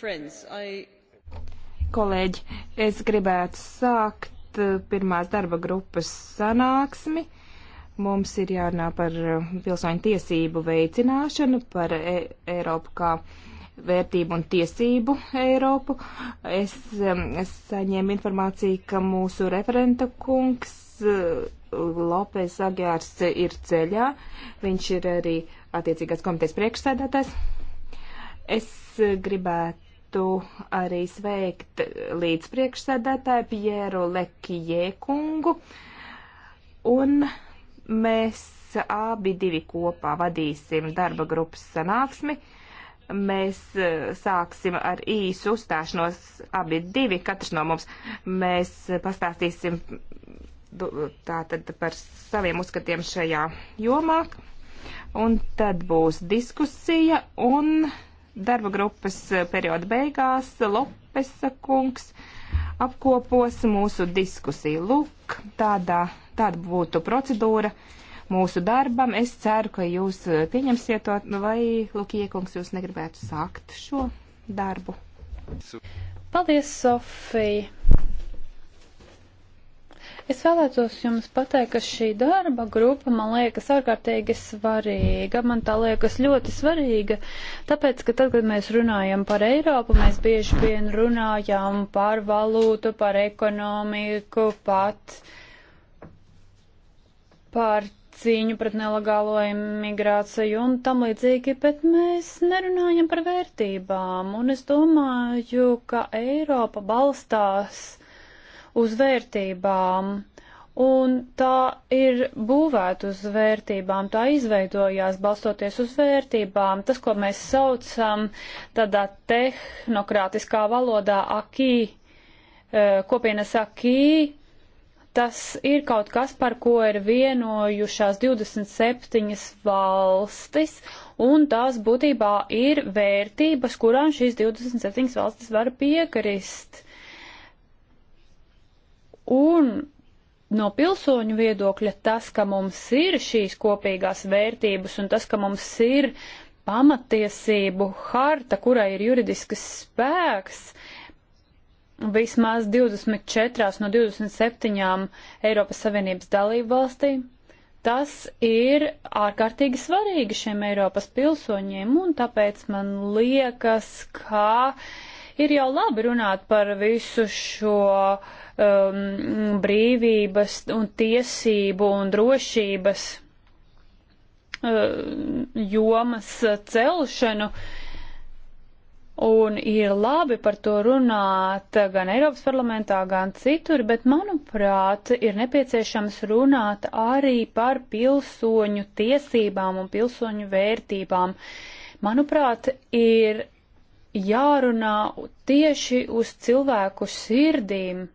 Friends, I... Kolēģi, es gribētu sākt eh, pirmās darba grupas sanāksmi. Mums ir jārunā par eh, pilsoņu tiesību veicināšanu, par e Eiropu kā vērtību un tiesību Eiropu. Es, es saņēmu informāciju, ka mūsu referenta kungs Lopes Agārs ir ceļā. Viņš ir arī attiecīgās komitejas priekšsēdētājs. Es gribētu arī sveikt līdz priekšsēdētāju Pieru Lekijē kungu, un mēs abi divi kopā vadīsim darba grupas sanāksmi. Mēs e, sāksim ar īsu uzstāšanos abi divi, katrs no mums. Mēs pastāstīsim tātad par saviem uzskatiem šajā jomā, un tad būs diskusija, un darba grupas eh, perioda beigās Lopesa kungs apkopos mūsu diskusiju. Lūk, tādā, tāda būtu procedūra mūsu darbam. Es ceru, ka jūs eh, pieņemsiet to, vai Lukija kungs jūs negribētu sākt šo darbu. Paldies, Sofija! Es vēlētos jums pateikt, ka šī darba grupa man liekas ārkārtīgi svarīga. Man tā liekas ļoti svarīga, tāpēc, ka tad, kad mēs runājam par Eiropu, mēs bieži vien runājam par valūtu, par ekonomiku, pat par cīņu pret nelegālo imigrāciju un tam līdzīgi, bet mēs nerunājam par vērtībām. Un es domāju, ka Eiropa balstās uz vērtībām. Un tā ir būvēta uz vērtībām, tā izveidojās balstoties uz vērtībām. Tas, ko mēs saucam tādā tehnokrātiskā valodā akī, eh, kopienas akī, tas ir kaut kas, par ko ir vienojušās 27 valstis, un tās būtībā ir vērtības, kurām šīs 27 valstis var piekrist. Un no pilsoņu viedokļa tas, ka mums ir šīs kopīgās vērtības un tas, ka mums ir pamatiesību harta, kurai ir juridisks spēks, vismaz 24 no 27 Eiropas Savienības dalību valstīm. Tas ir ārkārtīgi svarīgi šiem Eiropas pilsoņiem, un tāpēc man liekas, ka ir jau labi runāt par visu šo uh, um, brīvības un tiesību un drošības uh, jomas celšanu. Un ir labi par to runāt gan Eiropas parlamentā, gan citur, bet, manuprāt, ir nepieciešams runāt arī par pilsoņu tiesībām un pilsoņu vērtībām. Manuprāt, ir jārunā tieši uz cilvēku sirdīm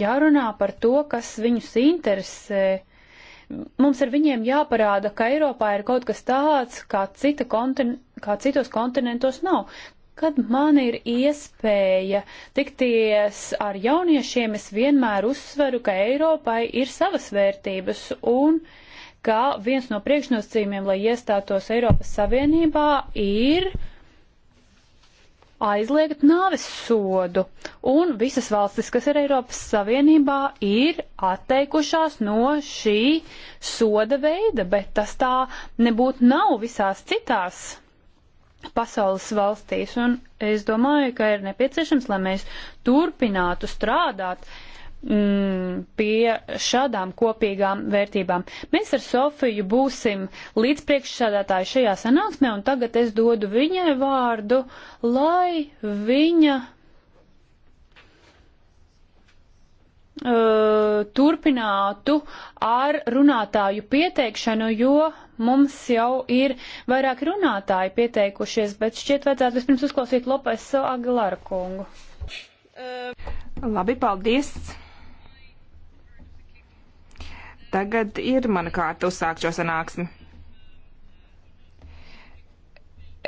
jārunā par to, kas viņus interesē. Mums ar viņiem jāparāda, ka Eiropā ir kaut kas tāds, kā, cita kontin kā citos kontinentos nav. Kad man ir iespēja tikties ar jauniešiem, es vienmēr uzsveru, ka Eiropai ir savas vērtības un ka viens no priekšnosacījumiem, lai iestātos Eiropas Savienībā, ir uh, aizliegt nāves sodu, un visas valstis, kas ir Eiropas Savienībā, ir atteikušās no šī soda veida, bet tas tā nebūtu nav visās citās pasaules valstīs, un es domāju, ka ir nepieciešams, lai mēs turpinātu strādāt uh, mm, pie šādām kopīgām vērtībām. Mēs ar Sofiju būsim līdzpriekšsādātāji šajā sanāksmē, un tagad es dodu viņai vārdu, lai viņa uh, turpinātu ar runātāju pieteikšanu, jo mums jau ir vairāk runātāji pieteikušies, bet šķiet vajadzētu vispirms uzklausīt Lopesu Agilaru kungu. Uh. Labi, paldies! Tagad ir mana kārta uzsākt šo sanāksmi.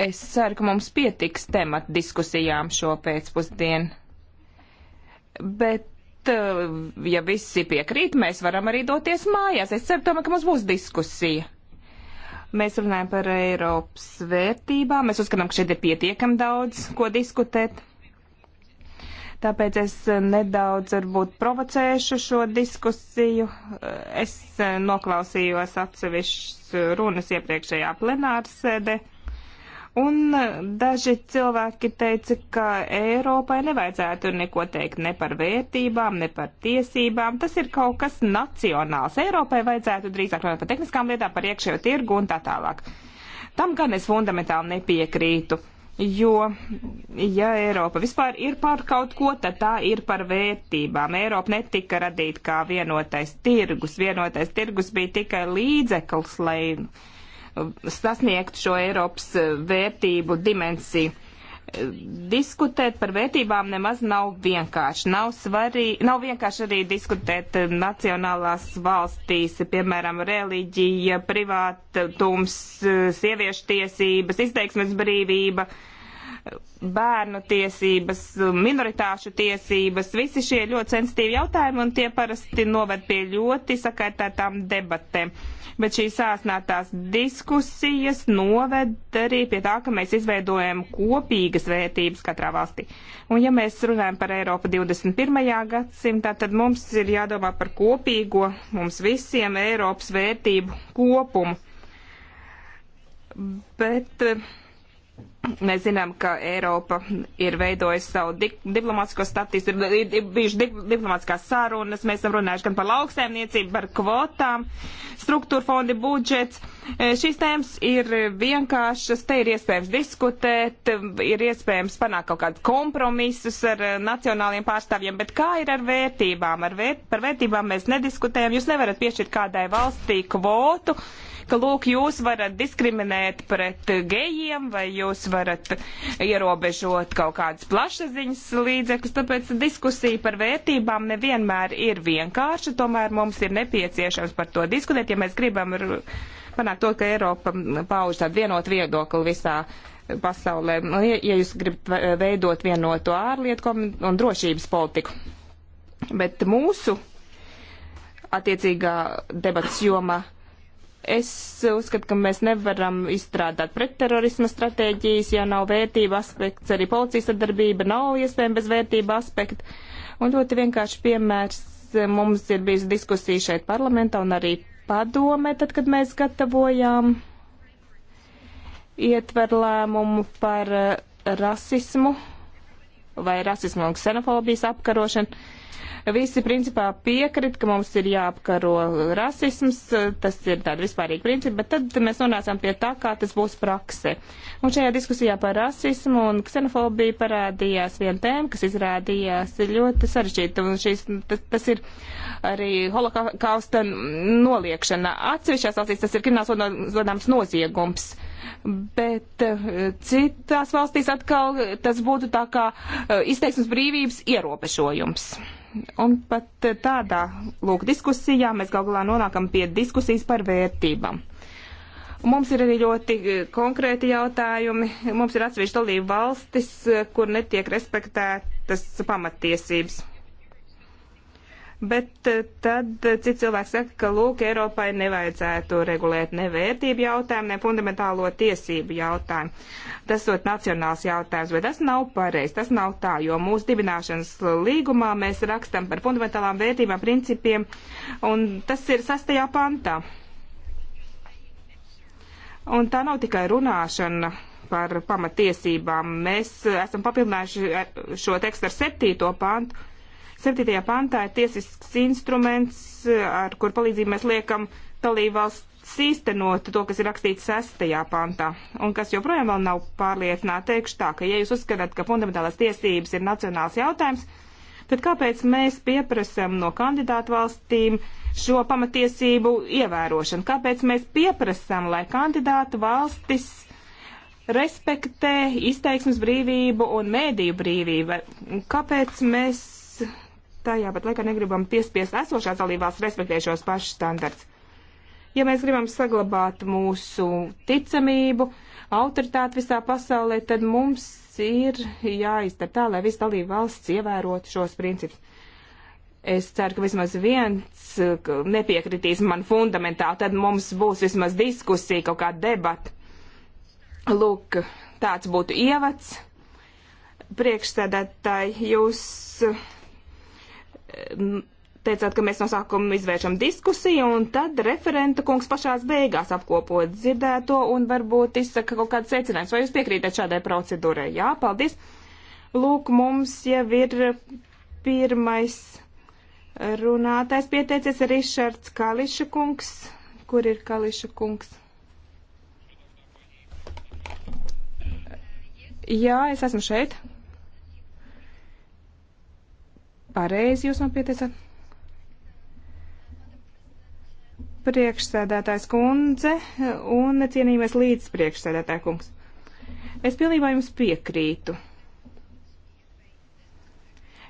Es ceru, ka mums pietiks temat diskusijām šo pēcpusdienu. Bet, eh, ja visi piekrīt, mēs varam arī doties mājās. Es ceru, tomēr, ka mums būs diskusija. Mēs runājam par Eiropas vērtībām. Mēs uzskatām, ka šeit ir pietiekam daudz, ko diskutēt. Tāpēc es nedaudz varbūt provocēšu šo diskusiju. Es noklausījos atsevišķas runas iepriekšējā plenārsēdē. Un daži cilvēki teica, ka Eiropai nevajadzētu neko teikt ne par vērtībām, ne par tiesībām. Tas ir kaut kas nacionāls. Eiropai vajadzētu drīzāk runāt par tehniskām lietām, par iekšējo tirgu un tā tālāk. Tam gan es fundamentāli nepiekrītu. Uh, Jo, ja Eiropa vispār ir par kaut ko, tad tā ir par vērtībām. Eiropa netika radīta kā vienotais tirgus. Vienotais tirgus bija tikai līdzeklis, lai uh, sasniegtu šo Eiropas uh, vērtību dimensiju diskutēt par vērtībām nemaz nav vienkārši. Nav, svarī, nav vienkārši arī diskutēt eh, nacionālās valstīs, piemēram, reliģija, privātums, eh, sieviešu tiesības, izteiksmes brīvība. Uh, bērnu tiesības, minoritāšu tiesības, visi šie ļoti sensitīvi jautājumi un tie parasti noved pie ļoti sakārtētām debatēm. Bet šīs sāsnātās diskusijas noved arī pie tā, ka mēs izveidojam kopīgas vērtības katrā valstī. Un ja mēs runājam par Eiropu 21. gadsimtā, tad mums ir jādomā par kopīgo mums visiem Eiropas vērtību kopumu. Bet Mēs zinām, ka Eiropa ir veidojusi savu di diplomātsko statistiku, ir, ir bijušas di diplomātskās sārunas, mēs esam runājuši gan par lauksēmniecību, par kvotām, struktūra fondi, budžets. E, šīs tēmas ir vienkāršas, te ir iespējams diskutēt, ir iespējams panākt kaut kādus kompromisus ar e, nacionāliem pārstāvjiem, bet kā ir ar vērtībām? Ar vērt par vērtībām mēs nediskutējam, jūs nevarat piešķirt kādai valstī kvotu ka lūk, jūs varat diskriminēt pret gejiem vai jūs varat ierobežot kaut kādas plašsaziņas līdzekļus, tāpēc diskusija par vērtībām nevienmēr ir vienkārša, tomēr mums ir nepieciešams par to diskutēt, ja mēs gribam panākt to, ka Eiropa pauž tādu vienotu viedokli visā pasaulē, nu, ja jūs gribat veidot vienotu ārlietu un drošības politiku. Bet mūsu attiecīgā debats joma Es uzskatu, ka mēs nevaram izstrādāt pretterorisma stratēģijas, ja nav vērtība aspekts, arī policijas sadarbība nav iespējama bez vērtība aspekta. Un ļoti vienkārši piemērs eh, mums ir bijusi diskusija šeit parlamentā un arī padomē, tad, kad mēs gatavojām ietver lēmumu par eh, rasismu vai rasismu un ksenofobijas apkarošanu. Visi principā piekrit, ka mums ir jāapkaro rasisms, tas ir tāda vispārīga principa, bet tad mēs nonācām pie tā, kā tas būs prakse. Un šajā diskusijā par rasismu un ksenofobiju parādījās viena tēma, kas izrādījās ļoti sarežģīta, un šīs, tas, tas ir arī holokausta noliekšana. Atsevišķās valstīs tas ir krimināls zodāms noziegums bet eh, citās valstīs atkal tas būtu tā kā eh, izteiksmes brīvības ierobežojums. Un pat eh, tādā lūk diskusijā mēs gal galā nonākam pie diskusijas par vērtībām. Mums ir arī ļoti konkrēti jautājumi. Mums ir atsevišķi dalība valstis, kur netiek respektētas pamatiesības. Bet eh, tad cits cilvēks saka, ka lūk, Eiropai nevajadzētu regulēt ne vērtību jautājumu, ne fundamentālo tiesību jautājumu. Tas ir nacionāls jautājums, bet tas nav pareizi. Tas nav tā, jo mūsu dibināšanas līgumā mēs rakstam par fundamentālām vērtībām, principiem, un tas ir sastajā pantā. Un tā nav tikai runāšana par pamatiesībām. Mēs eh, esam papildinājuši eh, šo tekstu ar septīto pantu 7. pantā ir tiesisks instruments, eh, ar kur palīdzību mēs liekam dalībvalsts īstenot to, kas ir rakstīts 6. pantā. Un kas joprojām vēl nav pārliecināti, teikšu tā, ka ja jūs uzskatāt, ka fundamentālās tiesības ir nacionāls jautājums, tad kāpēc mēs pieprasam no kandidātu valstīm šo pamatiesību ievērošanu? Kāpēc mēs pieprasam, lai kandidātu valstis respektē izteiksmes brīvību un mēdīju brīvību. Kāpēc mēs tajā pat laikā negribam piespiest esošās dalībās respektēt šos pašus standarts. Ja mēs gribam saglabāt mūsu ticamību, autoritāti visā pasaulē, tad mums ir jāizdara tā, lai visi dalība valsts ievērotu šos principus. Es ceru, ka vismaz viens nepiekritīs man fundamentāli, tad mums būs vismaz diskusija, kaut kāda debata. Lūk, tāds būtu ievads. Priekšstādātāji, jūs teicāt, ka mēs no sākuma izvēršam diskusiju, un tad referenta kungs pašās beigās apkopot dzirdēto un varbūt izsaka kaut kāds secinājums. Vai jūs piekrītat šādai procedūrai? Jā, paldies. Lūk, mums jau ir pirmais runātājs pieteicies Rišards Kališa kungs. Kur ir Kališa kungs? Jā, es esmu šeit. Pareizi jūs man pieteicat? Priekšsēdētājs kundze un cienījamies līdz priekšsēdētāja kungs. Es pilnībā jums piekrītu.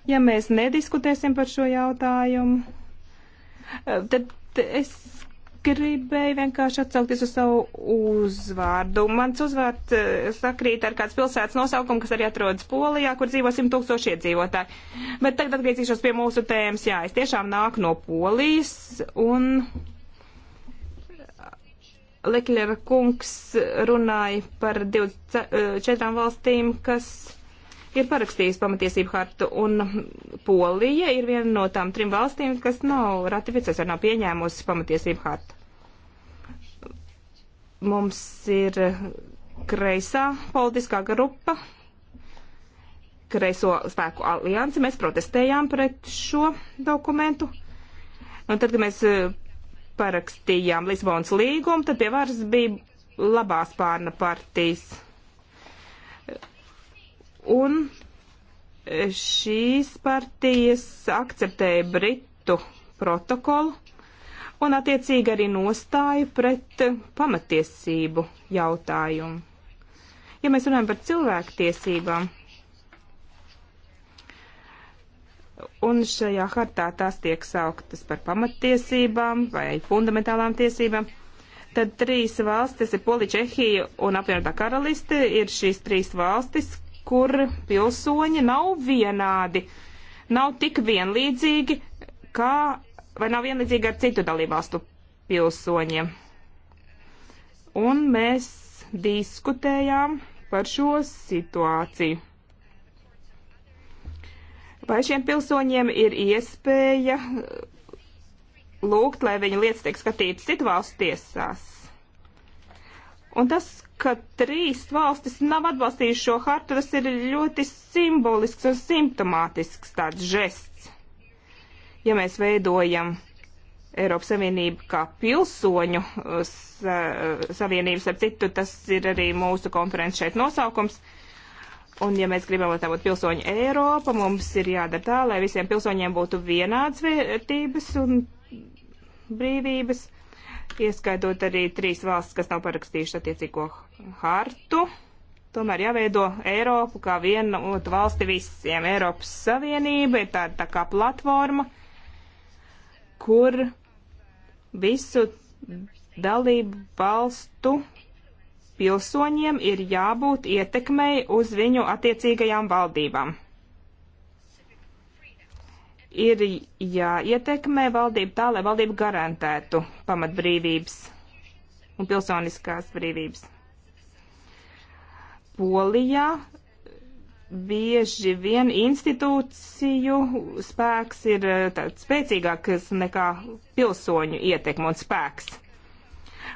Ja mēs nediskutēsim par šo jautājumu, tad es gribēju vienkārši atsaukties uz savu uzvārdu. Mans uzvārds eh, sakrīt ar kāds pilsētas nosaukumu, kas arī atrodas Polijā, kur dzīvo 100 tūkstoši iedzīvotāji. Bet tagad atgriezīšos pie mūsu tēmas. Jā, es tiešām nāku no Polijas un. Lekļera kungs runāja par 24 eh, valstīm, kas ir parakstījusi pamatiesību hartu, un Polija ir viena no tām trim valstīm, kas nav ratificējusi vai nav pieņēmusi pamatiesību hartu. Mums ir kreisā politiskā grupa, kreiso spēku alianse. Mēs protestējām pret šo dokumentu. Un tad, kad mēs e, parakstījām Lisbonas līgumu, tad pie varas bija labās pārna partijas Un šīs partijas akceptēja Britu protokolu un attiecīgi arī nostāju pret pamatiesību jautājumu. Ja mēs runājam par cilvēktiesībām, un šajā hartā tās tiek sauktas par pamatiesībām vai fundamentālām tiesībām, tad trīs valstis ir Polija, Čehija un apvienotā karaliste ir šīs trīs valstis, kur pilsoņi nav vienādi, nav tik vienlīdzīgi, kā, vai nav vienlīdzīgi ar citu dalībvalstu pilsoņiem. Un mēs diskutējām par šo situāciju. Vai šiem pilsoņiem ir iespēja lūgt, lai viņa lietas tiek skatītas citu valstu tiesās? Un tas, ka trīs valstis nav atbalstījušas šo hartu, tas ir ļoti simbolisks un simptomātisks tāds žests. Ja mēs veidojam Eiropas Savienību kā pilsoņu uh, uh, savienības, ar citu, tas ir arī mūsu konferences šeit nosaukums. Un ja mēs gribam, lai tā būtu pilsoņu Eiropa, mums ir jādara tā, lai visiem pilsoņiem būtu vienāds vērtības un brīvības ieskaidot arī trīs valstis, kas nav parakstījušas attiecīgo hartu. Tomēr jāveido Eiropu kā vienotu valsti visiem. Eiropas Savienība ir tāda tā kā platforma, kur visu dalību valstu pilsoņiem ir jābūt ietekmei uz viņu attiecīgajām valdībām ir jāietekmē valdība tā, lai valdība garantētu pamatbrīvības un pilsoniskās brīvības. Polijā bieži vien institūciju spēks ir eh, tāds spēcīgāks nekā pilsoņu ietekme un spēks.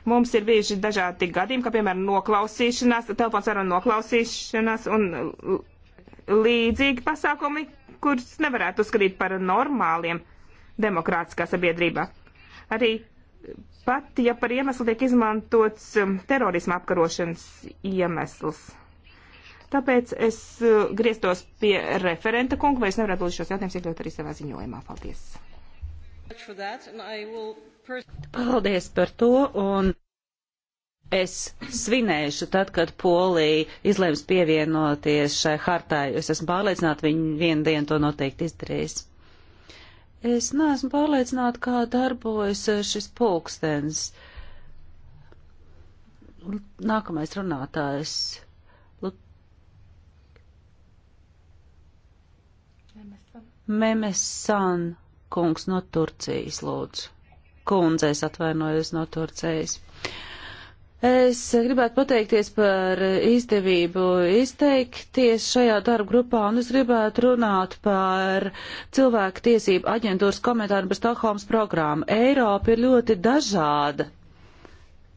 Mums ir bijuši dažādi gadījumi, kā piemēram noklausīšanās, telefons ar noklausīšanās un līdzīgi pasākumi, kurus nevarētu uzskatīt par normāliem demokrātiskā sabiedrībā. Arī pat, ja par iemeslu tiek izmantots um, terorisma apkarošanas iemesls. Tāpēc es uh, grieztos pie referenta kunga, vai es nevarētu lūdzu šos jautājumus iekļaut arī savā ziņojumā. Paldies! Paldies par to, un es svinēšu tad, kad Polija izlems pievienoties šai hartai. Es esmu pārliecināta, viņi vienu dienu to noteikti izdarīs. Es neesmu pārliecināta, kā darbojas šis pulkstens. Nākamais runātājs. Lu... Memesan kungs no Turcijas, lūdzu. Kundzēs atvainojos no Turcijas. Uh, Es gribētu pateikties par izdevību izteikties šajā darba grupā, un es gribētu runāt par cilvēku tiesību aģentūras komentāru par Stokholmas programmu. Eiropa ir ļoti dažāda.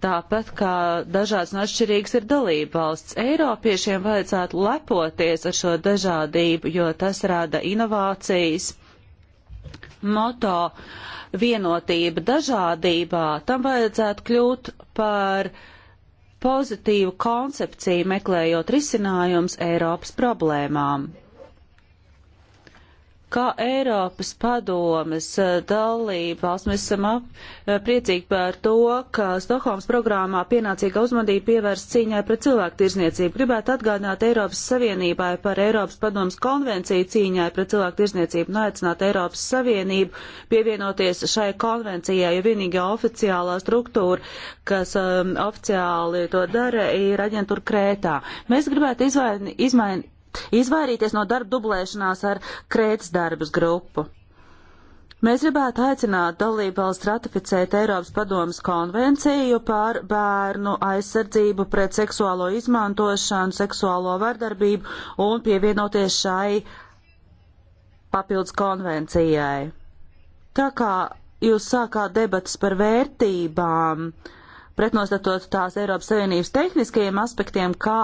Tāpat kā dažāds un atšķirīgs ir dalība valsts, Eiropiešiem vajadzētu lepoties ar šo dažādību, jo tas rada inovācijas moto vienotība dažādībā, tam vajadzētu kļūt par uh, pozitīvu koncepciju meklējot risinājums Eiropas problēmām. Kā Eiropas padomes eh, dalība valsts, mēs esam ap, eh, priecīgi par to, ka Stokholmas programmā pienācīga uzmanība pievērst cīņai pret cilvēku tirzniecību. Gribētu atgādināt Eiropas Savienībai par Eiropas padomes konvenciju cīņai pret cilvēku tirzniecību un aicināt Eiropas Savienību pievienoties šai konvencijai, jo vienīgā oficiālā struktūra, kas um, oficiāli to dara, ir aģentūra Krētā. Mēs gribētu izvaini, izmaini, izvairīties no darba dublēšanās ar krētas darbas grupu. Mēs gribētu aicināt dalībvalsts ratificēt Eiropas padomas konvenciju par bērnu aizsardzību pret seksuālo izmantošanu, seksuālo vardarbību un pievienoties šai papildus konvencijai. Tā kā jūs sākāt debatas par vērtībām, uh, pretnostatot tās Eiropas Savienības tehniskajiem aspektiem, kā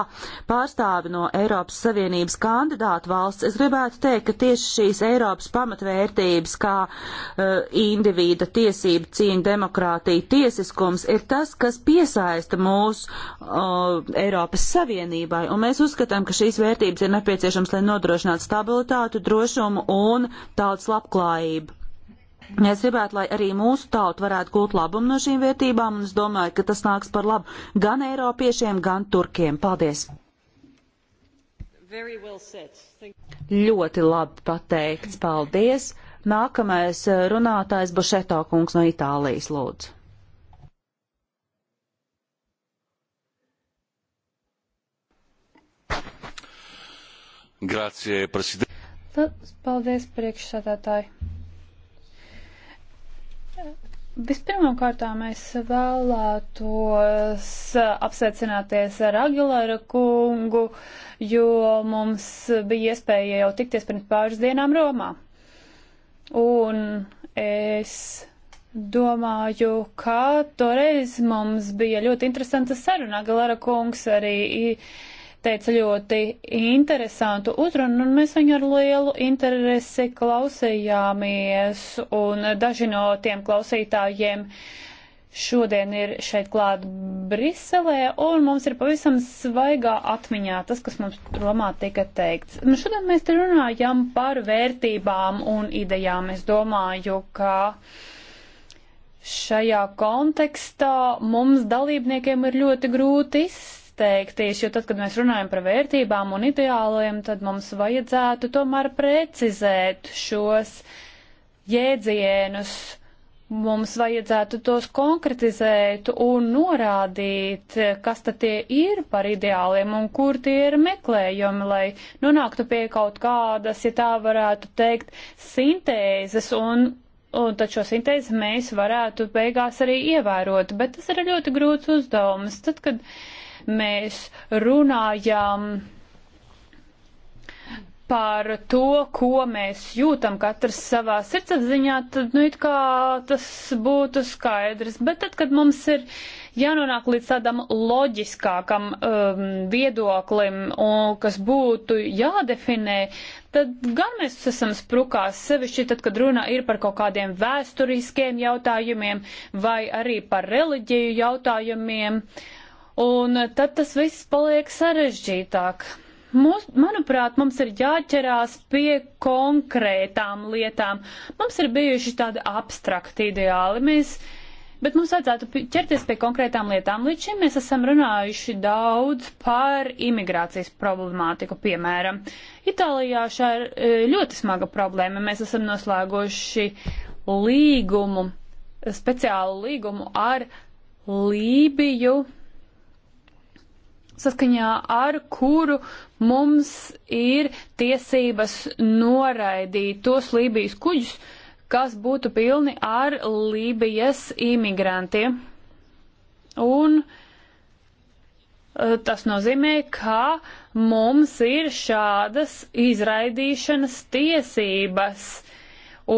pārstāvi no Eiropas Savienības kandidātu valsts, es gribētu teikt, ka tieši šīs Eiropas pamatvērtības, kā uh, individa tiesība, cīņa, demokrātija, tiesiskums, ir tas, kas piesaista mūs uh, Eiropas Savienībai, un mēs uzskatām, ka šīs vērtības ir nepieciešams, lai nodrošinātu stabilitātu, drošumu un tautas labklājību. Es gribētu, lai arī mūsu tauta varētu gūt labumu no šīm vērtībām, un es domāju, ka tas nāks par labu gan eiropiešiem, gan turkiem. Paldies! Well Ļoti labi pateikts, paldies! Nākamais eh, runātājs Bošeto kungs no Itālijas lūdzu. Grazie, prezident. Paldies, priekšsādātāji. Vispirmām kārtām es vēlētos apsveicināties ar Agilāra kungu, jo mums bija iespēja jau tikties pirms pāris dienām Romā. Un es domāju, ka toreiz mums bija ļoti interesanta saruna. Agilāra kungs arī teica ļoti interesantu uzrunu, un mēs viņu ar lielu interesi klausījāmies, un daži no tiem klausītājiem šodien ir šeit klāt Briselē, un mums ir pavisam svaigā atmiņā tas, kas mums Romā tika teikts. Nu, šodien mēs te runājam par vērtībām un idejām. Es domāju, ka šajā kontekstā mums dalībniekiem ir ļoti grūti izsākt izteikties, jo tad, kad mēs runājam par vērtībām un ideāliem, tad mums vajadzētu tomēr precizēt šos jēdzienus, mums vajadzētu tos konkretizēt un norādīt, kas tad tie ir par ideāliem un kur tie ir meklējumi, lai nonāktu pie kaut kādas, ja tā varētu teikt, sintēzes un un tad šo sintēzi mēs varētu beigās arī ievērot, bet tas ir ļoti grūts uzdevums. Tad, kad mēs runājām par to, ko mēs jūtam katrs savā sirdsapziņā, tad, nu, it kā tas būtu skaidrs. Bet tad, kad mums ir jānonāk līdz tādam loģiskākam um, viedoklim, un, kas būtu jādefinē, tad gan mēs esam sprukās sevišķi, tad, kad runa ir par kaut kādiem vēsturiskiem jautājumiem vai arī par reliģiju jautājumiem. Uh, un tad tas viss paliek sarežģītāk. Mums, manuprāt, mums ir jāķerās pie konkrētām lietām. Mums ir bijuši tādi abstrakti ideāli, mēs, bet mums vajadzētu ķerties pie konkrētām lietām. Līdz šim mēs esam runājuši daudz par imigrācijas problemātiku, piemēram. Itālijā šā ir e, ļoti smaga problēma. Mēs esam noslēguši līgumu, speciālu līgumu ar Lībiju saskaņā ar kuru mums ir tiesības noraidīt tos Lībijas kuģus, kas būtu pilni ar Lībijas imigrantiem. Un eh, tas nozīmē, ka mums ir šādas izraidīšanas tiesības.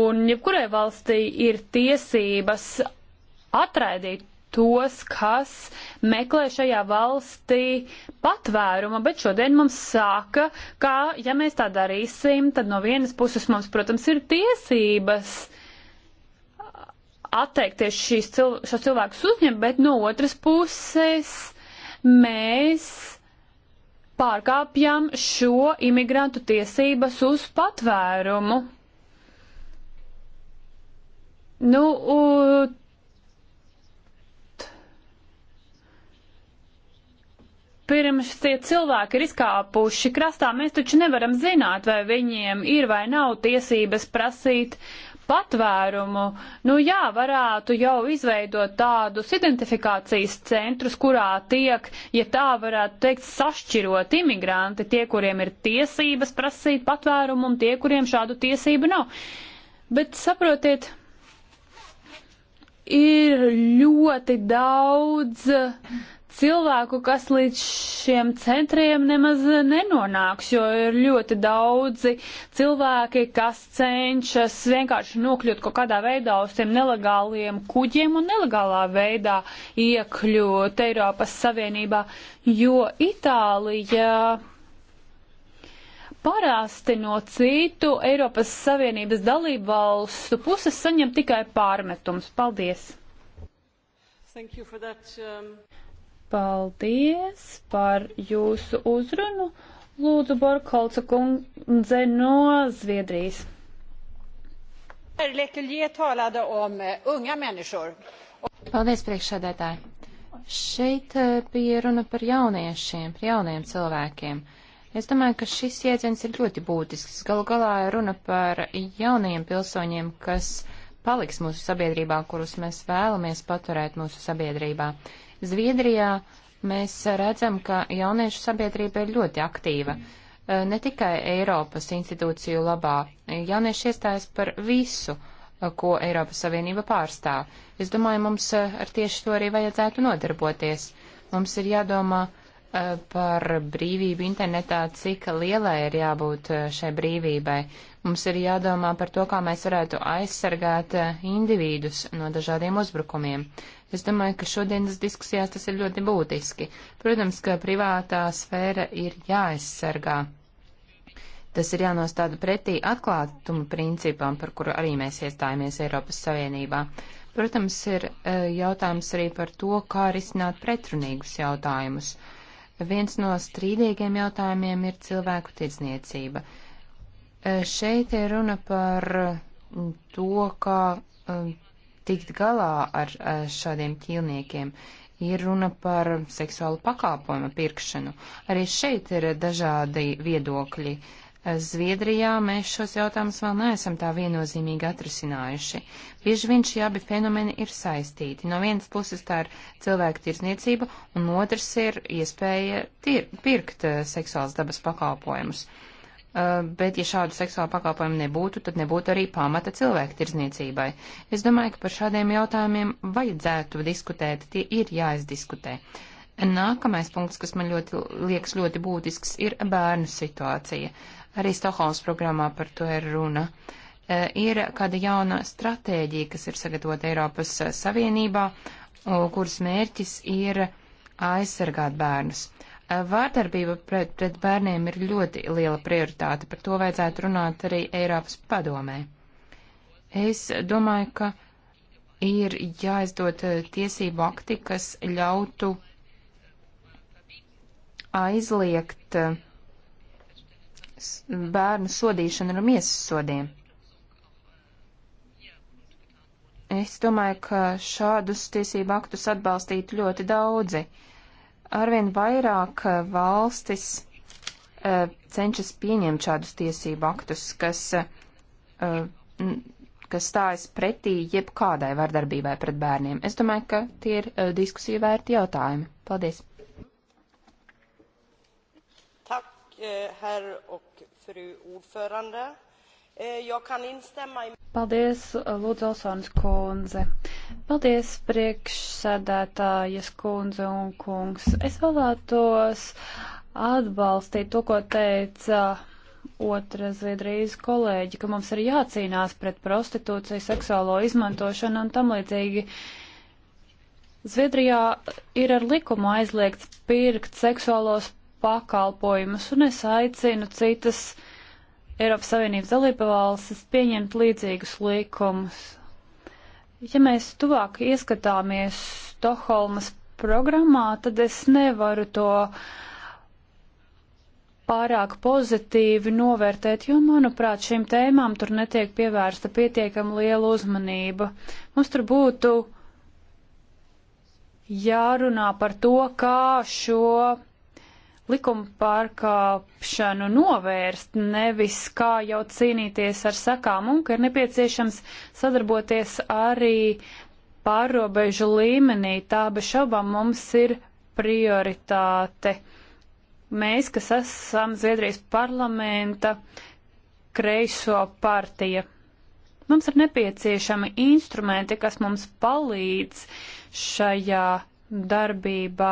Un jebkurai valstī ir tiesības atraidīt tos, kas meklē šajā valstī patvēruma, bet šodien mums saka, ka, ja mēs tā darīsim, tad no vienas puses mums, protams, ir tiesības atteikties šīs cil šos cilvēkus uzņemt, bet no otras puses mēs pārkāpjam šo imigrantu tiesības uz patvērumu. Nu, pirms tie cilvēki ir izkāpuši krastā, mēs taču nevaram zināt, vai viņiem ir vai nav tiesības prasīt patvērumu. Nu jā, varētu jau izveidot tādus identifikācijas centrus, kurā tiek, ja tā varētu teikt, sašķirot imigranti, tie, kuriem ir tiesības prasīt patvērumu un tie, kuriem šādu tiesību nav. Bet saprotiet, ir ļoti daudz cilvēku, kas līdz šiem centriem nemaz nenonāks, jo ir ļoti daudzi cilvēki, kas cenšas vienkārši nokļūt kaut kādā veidā uz tiem nelegāliem kuģiem un nelegālā veidā iekļūt Eiropas Savienībā, jo Itālija parasti no citu Eiropas Savienības dalību valstu puses saņem tikai pārmetums. Paldies! Thank you for that. Um... Paldies par jūsu uzrunu. Lūdzu, Borkholca kundze no Zviedrijas. Eh, Paldies, priekšsēdētāji. Šeit eh, bija runa par jauniešiem, par jauniem cilvēkiem. Es domāju, ka šis jēdziens ir ļoti būtisks. Galu galā ir runa par jauniem pilsoņiem, kas paliks mūsu sabiedrībā, kurus mēs vēlamies paturēt mūsu sabiedrībā. Zviedrijā mēs redzam, ka jauniešu sabiedrība ir ļoti aktīva. Eh, ne tikai Eiropas institūciju labā, jaunieši iestājas par visu, eh, ko Eiropas Savienība pārstāv. Es domāju, mums eh, ar tieši to arī vajadzētu nodarboties. Mums ir jādomā par brīvību internetā, cik lielai ir jābūt šai brīvībai. Mums ir jādomā par to, kā mēs varētu aizsargāt individus no dažādiem uzbrukumiem. Es domāju, ka šodienas diskusijās tas ir ļoti būtiski. Protams, ka privātā sfēra ir jāaizsargā. Tas ir jānostāda pretī atklātuma principam, par kuru arī mēs iestājāmies Eiropas Savienībā. Protams, ir e, jautājums arī par to, kā risināt pretrunīgus jautājumus. Viens no strīdīgiem jautājumiem ir cilvēku tirdzniecība. E, šeit ir runa par to, kā tikt galā ar šādiem ķīlniekiem. Ir runa par seksuālu pakāpojumu pirkšanu. Arī šeit ir dažādi viedokļi. Zviedrijā mēs šos jautājumus vēl neesam tā viennozīmīgi atrisinājuši. Bieži vien šie abi fenomeni ir saistīti. No vienas puses tā ir cilvēka tirsniecība, un otrs ir iespēja tir pirkt eh, seksuāls dabas pakāpojumus. Uh, Eh, bet ja šādu seksuālu pakalpojumu nebūtu, tad nebūtu arī pamata cilvēku tirzniecībai. Es domāju, ka par šādiem jautājumiem vajadzētu diskutēt, tie ir jāizdiskutē. Nākamais punkts, kas man ļoti liekas ļoti būtisks, ir bērnu situācija. Arī Stokholmas programmā par to ir runa. Eh, ir kāda jauna stratēģija, kas ir sagatavota Eiropas Savienībā, kuras mērķis ir aizsargāt bērnus. Uh, Vārdarbība pret, pret bērniem ir ļoti liela prioritāte, par to vajadzētu runāt arī Eiropas padomē. Es domāju, ka ir jāizdod eh, tiesību akti, kas ļautu aizliegt eh, bērnu sodīšanu ar miesas sodiem. Es domāju, ka šādus tiesību aktus atbalstītu ļoti daudzi. Uh, Arvien vairāk eh, valstis eh, cenšas pieņemt šādus tiesību aktus, kas, eh, kas stājas pretī jebkādai vardarbībai pret bērniem. Es domāju, ka tie ir diskusiju vērti jautājumi. Paldies! Tak, herr och fru ordförande. Eh, Paldies, eh, Lūdzu, Olsons kundze. Paldies, priekšsēdētājas kundze un kungs. Es vēlētos atbalstīt to, ko teica otra Zviedrijas kolēģi, ka mums ir jācīnās pret prostitūciju, seksuālo izmantošanu un tam līdzīgi. Zviedrijā ir ar likumu aizliegts pirkt seksuālos pakalpojumus, un es aicinu citas Eiropas Savienības dalībvalstis pieņemt līdzīgus likumus. Ja mēs tuvāk ieskatāmies Stokholmas programmā, tad es nevaru to pārāk pozitīvi novērtēt, jo, manuprāt, šīm tēmām tur netiek pievērsta pietiekam liela uzmanība. Mums tur būtu jārunā par to, kā šo likuma pārkāpšanu novērst, nevis kā jau cīnīties ar sakām, un ka ir nepieciešams sadarboties arī pārobežu līmenī. Tā bez šaubām mums ir prioritāte. Mēs, kas esam Zviedrijas parlamenta kreiso partija. Mums ir nepieciešami instrumenti, kas mums palīdz šajā darbībā.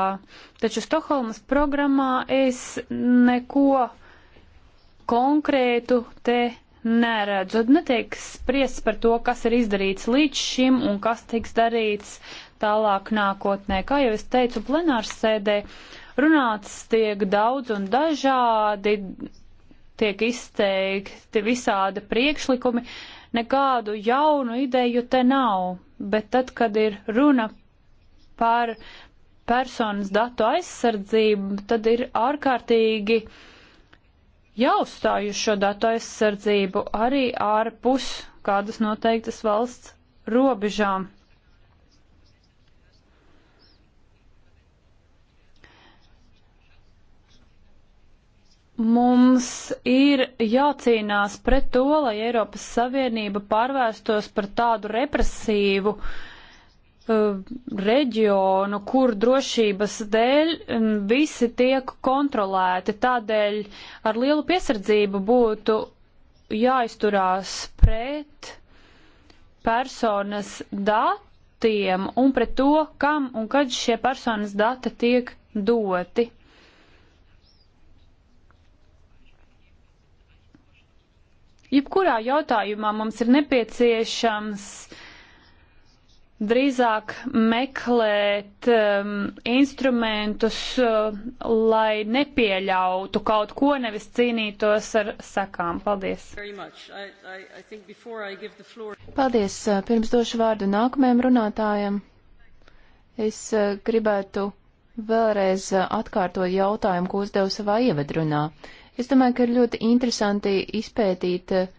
Taču Stokholmas programmā es neko konkrētu te neredzu. Netiek spriests par to, kas ir izdarīts līdz šim un kas tiks darīts tālāk nākotnē. Kā jau es teicu, plenārs sēdē runāts tiek daudz un dažādi, tiek izteikti visādi priekšlikumi, nekādu jaunu ideju te nav. Bet tad, kad ir runa par personas datu aizsardzību, tad ir ārkārtīgi jāuzstāj uz šo datu aizsardzību arī ārpus kādas noteiktas valsts robežām. Mums ir jācīnās pret to, lai Eiropas Savienība pārvērstos par tādu represīvu uh, Eh, reģionu, kur drošības dēļ mm, visi tiek kontrolēti. Tādēļ ar lielu piesardzību būtu jāizturās pret personas datiem un pret to, kam un kad šie personas dati tiek doti. Jebkurā jautājumā mums ir nepieciešams uh, drīzāk meklēt um, instrumentus, uh, lai nepieļautu kaut ko, nevis cīnītos ar sekām. Paldies! I, I, I floor... Paldies! Uh, pirms došu vārdu nākamajam runātājam, es uh, gribētu vēlreiz uh, atkārtot jautājumu, ko uzdevu savā ievadrunā. Es domāju, ka ir ļoti interesanti izpētīt uh,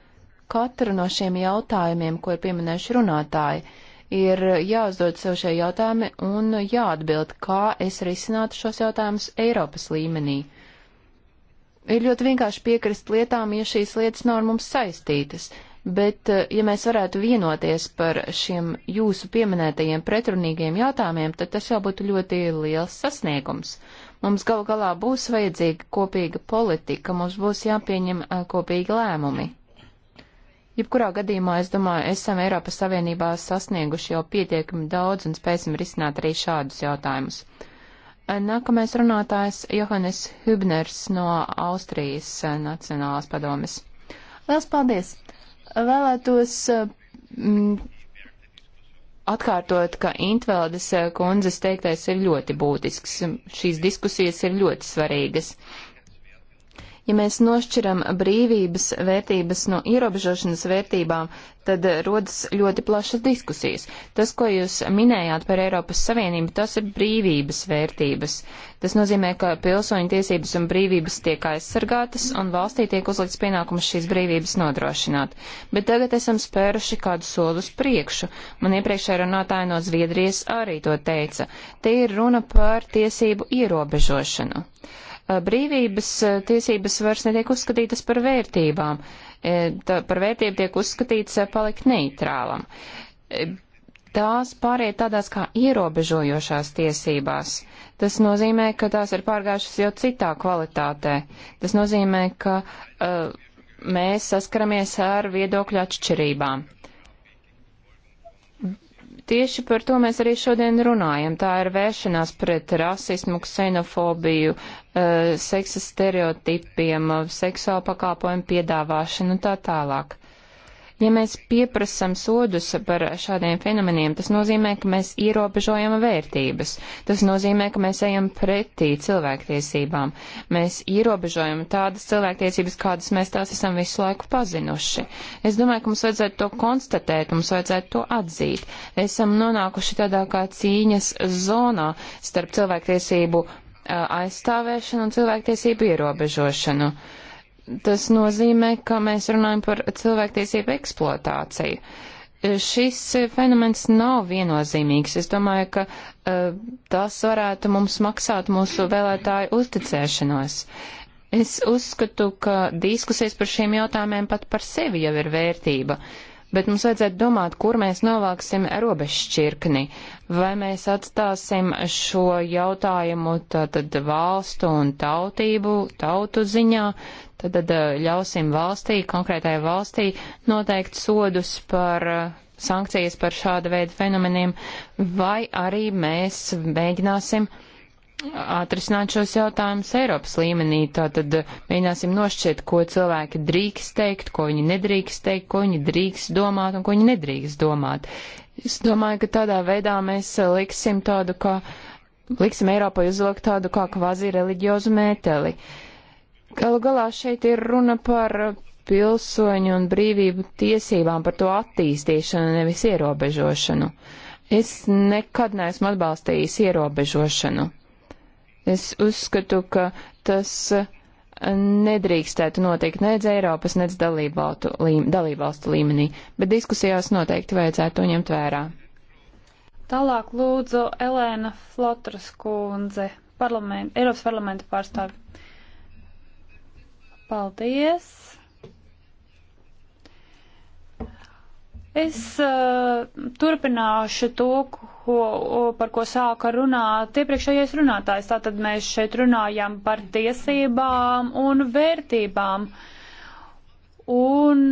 katru no šiem jautājumiem, ko ir pieminējuši runātāji. Uh, ir jāuzdod sev šie jautājumi un jāatbild, kā es risinātu šos jautājumus Eiropas līmenī. Ir ļoti vienkārši piekrist lietām, ja šīs lietas nav ar mums saistītas, bet eh, ja mēs varētu vienoties par šiem jūsu pieminētajiem pretrunīgiem jautājumiem, tad tas jau būtu ļoti liels sasniegums. Mums gal galā būs vajadzīga kopīga politika, mums būs jāpieņem eh, kopīgi lēmumi. Jebkurā gadījumā, es domāju, esam Eiropas Savienībā sasnieguši jau pietiekami daudz un spēsim risināt arī šādus jautājumus. Eh, nākamais runātājs Johannes Hübners no Austrijas eh, Nacionālās padomes. Liels paldies! Vēlētos mm, atkārtot, ka Intveldes kundzes teiktais ir ļoti būtisks. Šīs diskusijas ir ļoti svarīgas. Uh, Ja mēs nošķiram brīvības vērtības no ierobežošanas vērtībām, tad rodas ļoti plašas diskusijas. Tas, ko jūs minējāt par Eiropas Savienību, tas ir brīvības vērtības. Tas nozīmē, ka pilsoņu tiesības un brīvības tiek aizsargātas un valstī tiek uzlikts pienākums šīs brīvības nodrošināt. Bet tagad esam spēruši kādu soli uz priekšu. Man iepriekšējā runātāja no Zviedrijas arī to teica. Te ir runa par tiesību ierobežošanu. Uh, Eh, brīvības eh, tiesības vairs netiek uzskatītas par vērtībām. Eh, tā, par vērtību tiek uzskatīts palikt neitrālam. Tās pāriet tādās kā ierobežojošās tiesībās. Tas nozīmē, ka tās ir pārgājušas jau citā kvalitātē. Tas nozīmē, ka uh, mēs saskaramies ar viedokļu atšķirībām. Tieši par to mēs arī šodien runājam. Tā ir vēršanās pret rasismu, ksenofobiju, Uh, seksa stereotipiem, uh, seksuālu pakāpojumu piedāvāšanu un tā tālāk. Ja mēs pieprasam sodus par šādiem fenomeniem, tas nozīmē, ka mēs ierobežojam vērtības. Tas nozīmē, ka mēs ejam pretī cilvēktiesībām. Mēs ierobežojam tādas cilvēktiesības, kādas mēs tās esam visu laiku pazinuši. Es domāju, ka mums vajadzētu to konstatēt, mums vajadzētu to atzīt. Esam nonākuši tādā kā cīņas zonā starp cilvēktiesību aizstāvēšanu un cilvēktiesību ierobežošanu. Tas nozīmē, ka mēs runājam par cilvēktiesību eksploatāciju. Šis fenomens nav viennozīmīgs. Es domāju, ka uh, tas varētu mums maksāt mūsu vēlētāju uzticēšanos. Es uzskatu, ka diskusijas par šiem jautājumiem pat par sevi jau ir vērtība. Uh, bet mums vajadzētu domāt, kur mēs novāksim robežšķirkni, vai mēs atstāsim šo jautājumu tātad valstu un tautību, tautu ziņā, tad eh, ļausim valstī, konkrētai valstī noteikt sodus par eh, sankcijas par šāda veida fenomeniem, vai arī mēs mēģināsim uh, atrisināt šos jautājumus Eiropas līmenī. Tātad eh, mēģināsim nošķirt, ko cilvēki drīkst teikt, ko viņi nedrīkst teikt, ko viņi drīkst domāt un ko viņi nedrīkst domāt. Es domāju, ka tādā veidā mēs eh, liksim tādu, kā, liksim Eiropai uzlikt tādu kā kvazi reliģiozu mēteli. Galu galā šeit ir runa par eh, pilsoņu un brīvību tiesībām, par to attīstīšanu, nevis ierobežošanu. Es nekad neesmu atbalstījis ierobežošanu. Es uzskatu, ka tas eh, nedrīkstētu notikt nec Eiropas, nec dalībvalstu, līme, dalībvalstu līmenī, bet diskusijās noteikti vajadzētu to ņemt vērā. Tālāk lūdzu Elēna Flotras kundze, parlament, Eiropas parlamenta pārstāvi. Paldies! Es uh, turpināšu to, ko, par ko sāka runāt iepriekšējais runātājs. Tātad mēs šeit runājam par tiesībām un vērtībām. Un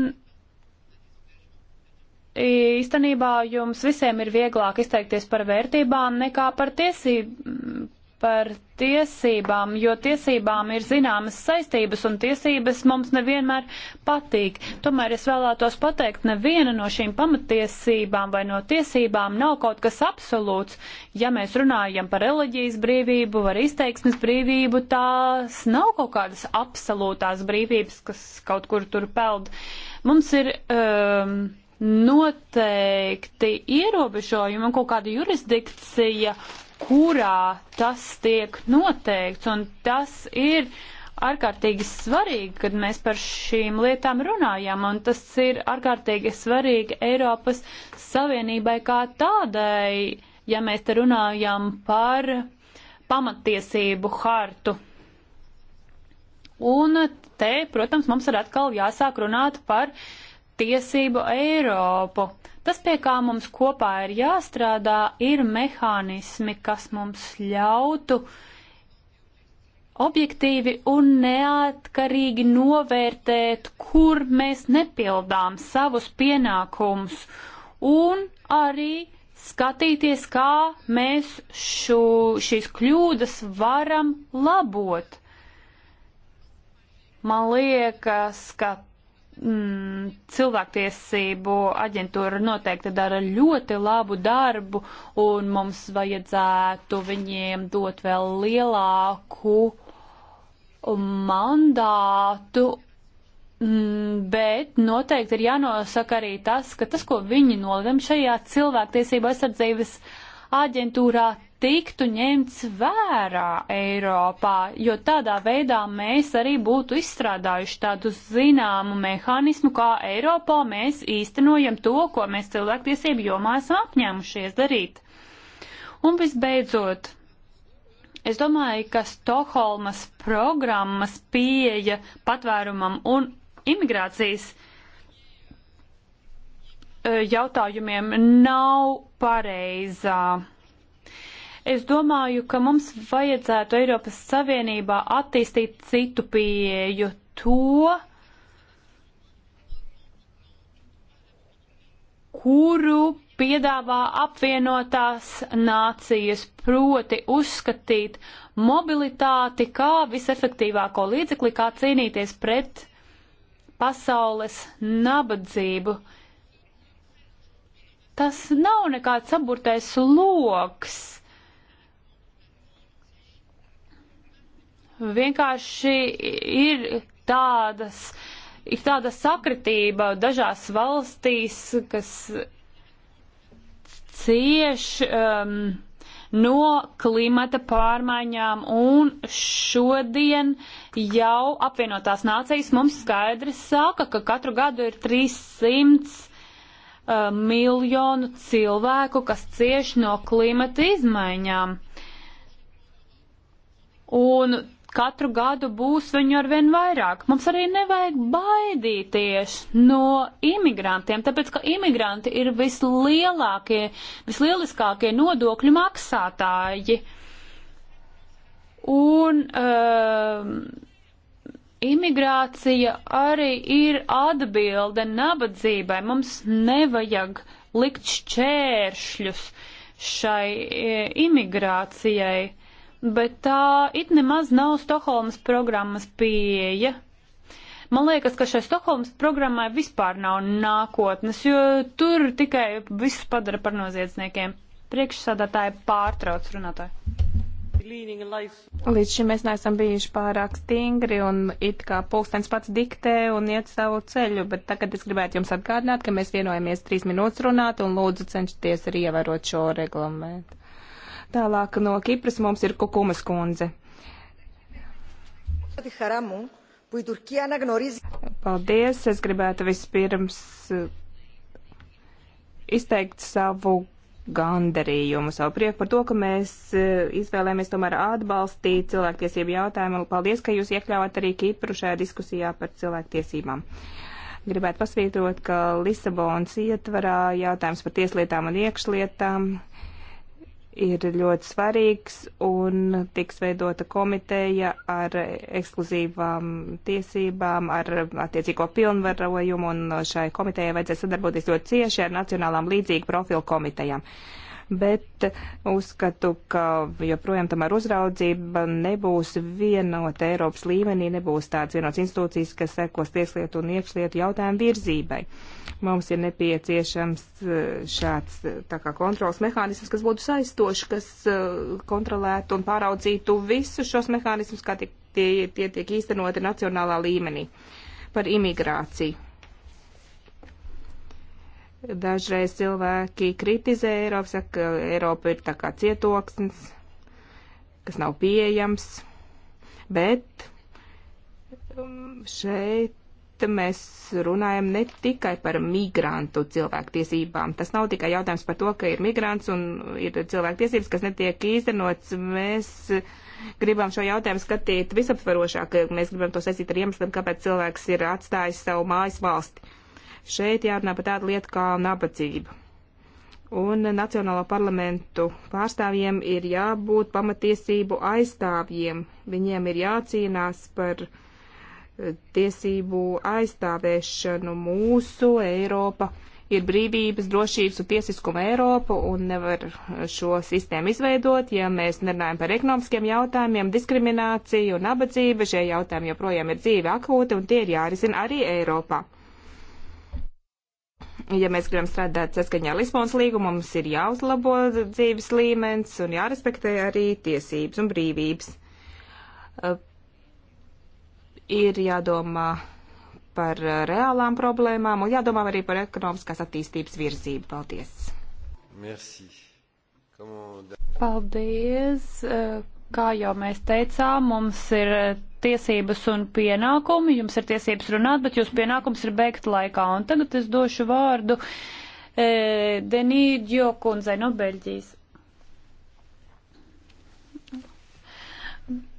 īstenībā jums visiem ir vieglāk izteikties par vērtībām nekā par tiesību, par tiesībām, jo tiesībām ir zināmas saistības un tiesības mums nevienmēr patīk. Tomēr es vēlētos pateikt, neviena no šīm pamatiesībām vai no tiesībām nav kaut kas absolūts. Ja mēs runājam par reliģijas brīvību vai izteiksmes brīvību, tās nav kaut kādas absolūtās brīvības, kas kaut kur tur peld. Mums ir. Um, noteikti ierobežojumi un kaut kāda jurisdikcija kurā tas tiek noteikts, un tas ir ārkārtīgi svarīgi, kad mēs par šīm lietām runājam, un tas ir ārkārtīgi svarīgi Eiropas Savienībai kā tādai, ja mēs te runājam par pamatiesību hartu. Un te, protams, mums ir atkal jāsāk runāt par uh, tiesību Eiropu. Tas, pie kā mums kopā ir jāstrādā, ir mehānismi, kas mums ļautu objektīvi un neatkarīgi novērtēt, kur mēs nepildām savus pienākumus un arī skatīties, kā mēs šo, šīs kļūdas varam labot. Man liekas, ka mm, cilvēktiesību aģentūra noteikti dara ļoti labu darbu, un mums vajadzētu viņiem dot vēl lielāku mandātu. Mm, bet noteikti ir jānosaka arī tas, ka tas, ko viņi nolem šajā cilvēktiesība aizsardzības uh, aģentūrā tiktu ņemts vērā Eiropā, jo tādā veidā mēs arī būtu izstrādājuši tādu zināmu mehānismu, kā Eiropā mēs īstenojam to, ko mēs cilvēktiesību jomā esam apņēmušies darīt. Un visbeidzot, es domāju, ka Stokholmas programmas pieeja patvērumam un imigrācijas e, jautājumiem nav pareizā. Es domāju, ka mums vajadzētu Eiropas Savienībā attīstīt citu pieeju to, kuru piedāvā apvienotās nācijas, proti uzskatīt mobilitāti kā visefektīvāko līdzekli, kā cīnīties pret pasaules nabadzību. Tas nav nekāds saburtais loks. Vienkārši ir tādas, ir tāda sakritība dažās valstīs, kas cieš um, no klimata pārmaiņām, un šodien jau apvienotās nācijas mums skaidri saka, ka katru gadu ir 300 uh, miljonu cilvēku, kas cieš no klimata izmaiņām. Un katru gadu būs viņu arvien vairāk. Mums arī nevajag baidīties no imigrantiem, tāpēc ka imigranti ir vislielākie, vislieliskākie nodokļu maksātāji. Un, uh, imigrācija arī ir atbilde nabadzībai. Mums nevajag likt šķēršļus šai e, imigrācijai, bet tā it nemaz nav Stokholmas programmas pieeja. Man liekas, ka šai Stokholmas programmai vispār nav nākotnes, jo tur tikai visus padara par noziedzniekiem. Priekšsādātāji pārtrauc runātāju. Līdz šim mēs neesam bijuši pārāk stingri un it kā pulkstens pats diktē un iet savu ceļu, bet tagad es gribētu jums atgādināt, ka mēs vienojamies trīs minūtes runāt un lūdzu cenšaties arī ievērot šo reglamentu. Tālāk no Kipras mums ir Kukumas kundze. Paldies, es gribētu vispirms izteikt savu gandarījumu, savu prieku par to, ka mēs e, izvēlēmies tomēr atbalstīt cilvēktiesību jautājumu. Paldies, ka jūs iekļāvāt arī Kipru šajā diskusijā par cilvēktiesībām. Gribētu pasvītrot, ka Lisabonas ietvarā jautājums par tieslietām un iekšlietām ir ļoti svarīgs un tiks veidota komiteja ar ekskluzīvām tiesībām, ar attiecīgo pilnvarojumu, un šai komitejai vajadzēs sadarboties ļoti cieši ar nacionālām līdzīgu profilu komitejām. Uh, bet uzskatu, ka joprojām tomēr uzraudzība nebūs vienota Eiropas līmenī, nebūs tāds vienots institūcijas, kas sekos tieslietu un iekšlietu jautājumu virzībai. Mums ir nepieciešams eh, šāds eh, tā kā kontrols mehānisms, kas būtu saistošs, kas eh, kontrolētu un pāraudzītu visus šos mehānismus, kā tie, tie tiek īstenoti nacionālā līmenī par imigrāciju Dažreiz cilvēki kritizē Eiropu, saka, ka Eiropa ir tā kā cietoksnis, kas nav pieejams, bet um, šeit mēs runājam ne tikai par migrantu cilvēktiesībām. Tas nav tikai jautājums par to, ka ir migrants un ir cilvēktiesības, kas netiek īstenots. Mēs gribam šo jautājumu skatīt visaptvarošāk, mēs gribam to saistīt ar iemesliem, kāpēc cilvēks ir atstājis savu mājas valsti. Šeit jārunā par tādu lietu kā nabadzība. Un Nacionālo parlamentu pārstāvjiem ir jābūt pamatiesību aizstāvjiem. Viņiem ir jācīnās par eh, tiesību aizstāvēšanu mūsu Eiropa ir brīvības, drošības un tiesiskuma Eiropu un nevar šo sistēmu izveidot, ja mēs nerunājam par ekonomiskiem jautājumiem, diskrimināciju un nabadzību. Šie jautājumi joprojām ir dzīve akūti un tie ir jārisina arī Eiropā ja mēs gribam strādāt saskaņā Lisbonas līgumu, mums ir jāuzlabo dzīves līmenis un jārespektē arī tiesības un brīvības. Uh, ir jādomā par uh, reālām problēmām un jādomā arī par ekonomiskās attīstības virzību. Paldies! Merci. Paldies! Uh, Kā jau mēs teicām, mums ir eh, tiesības un pienākumi, jums ir tiesības runāt, bet jūs pienākums ir beigt laikā. Un tagad es došu vārdu e, eh, Denīdjo kundzei no Beļģijas.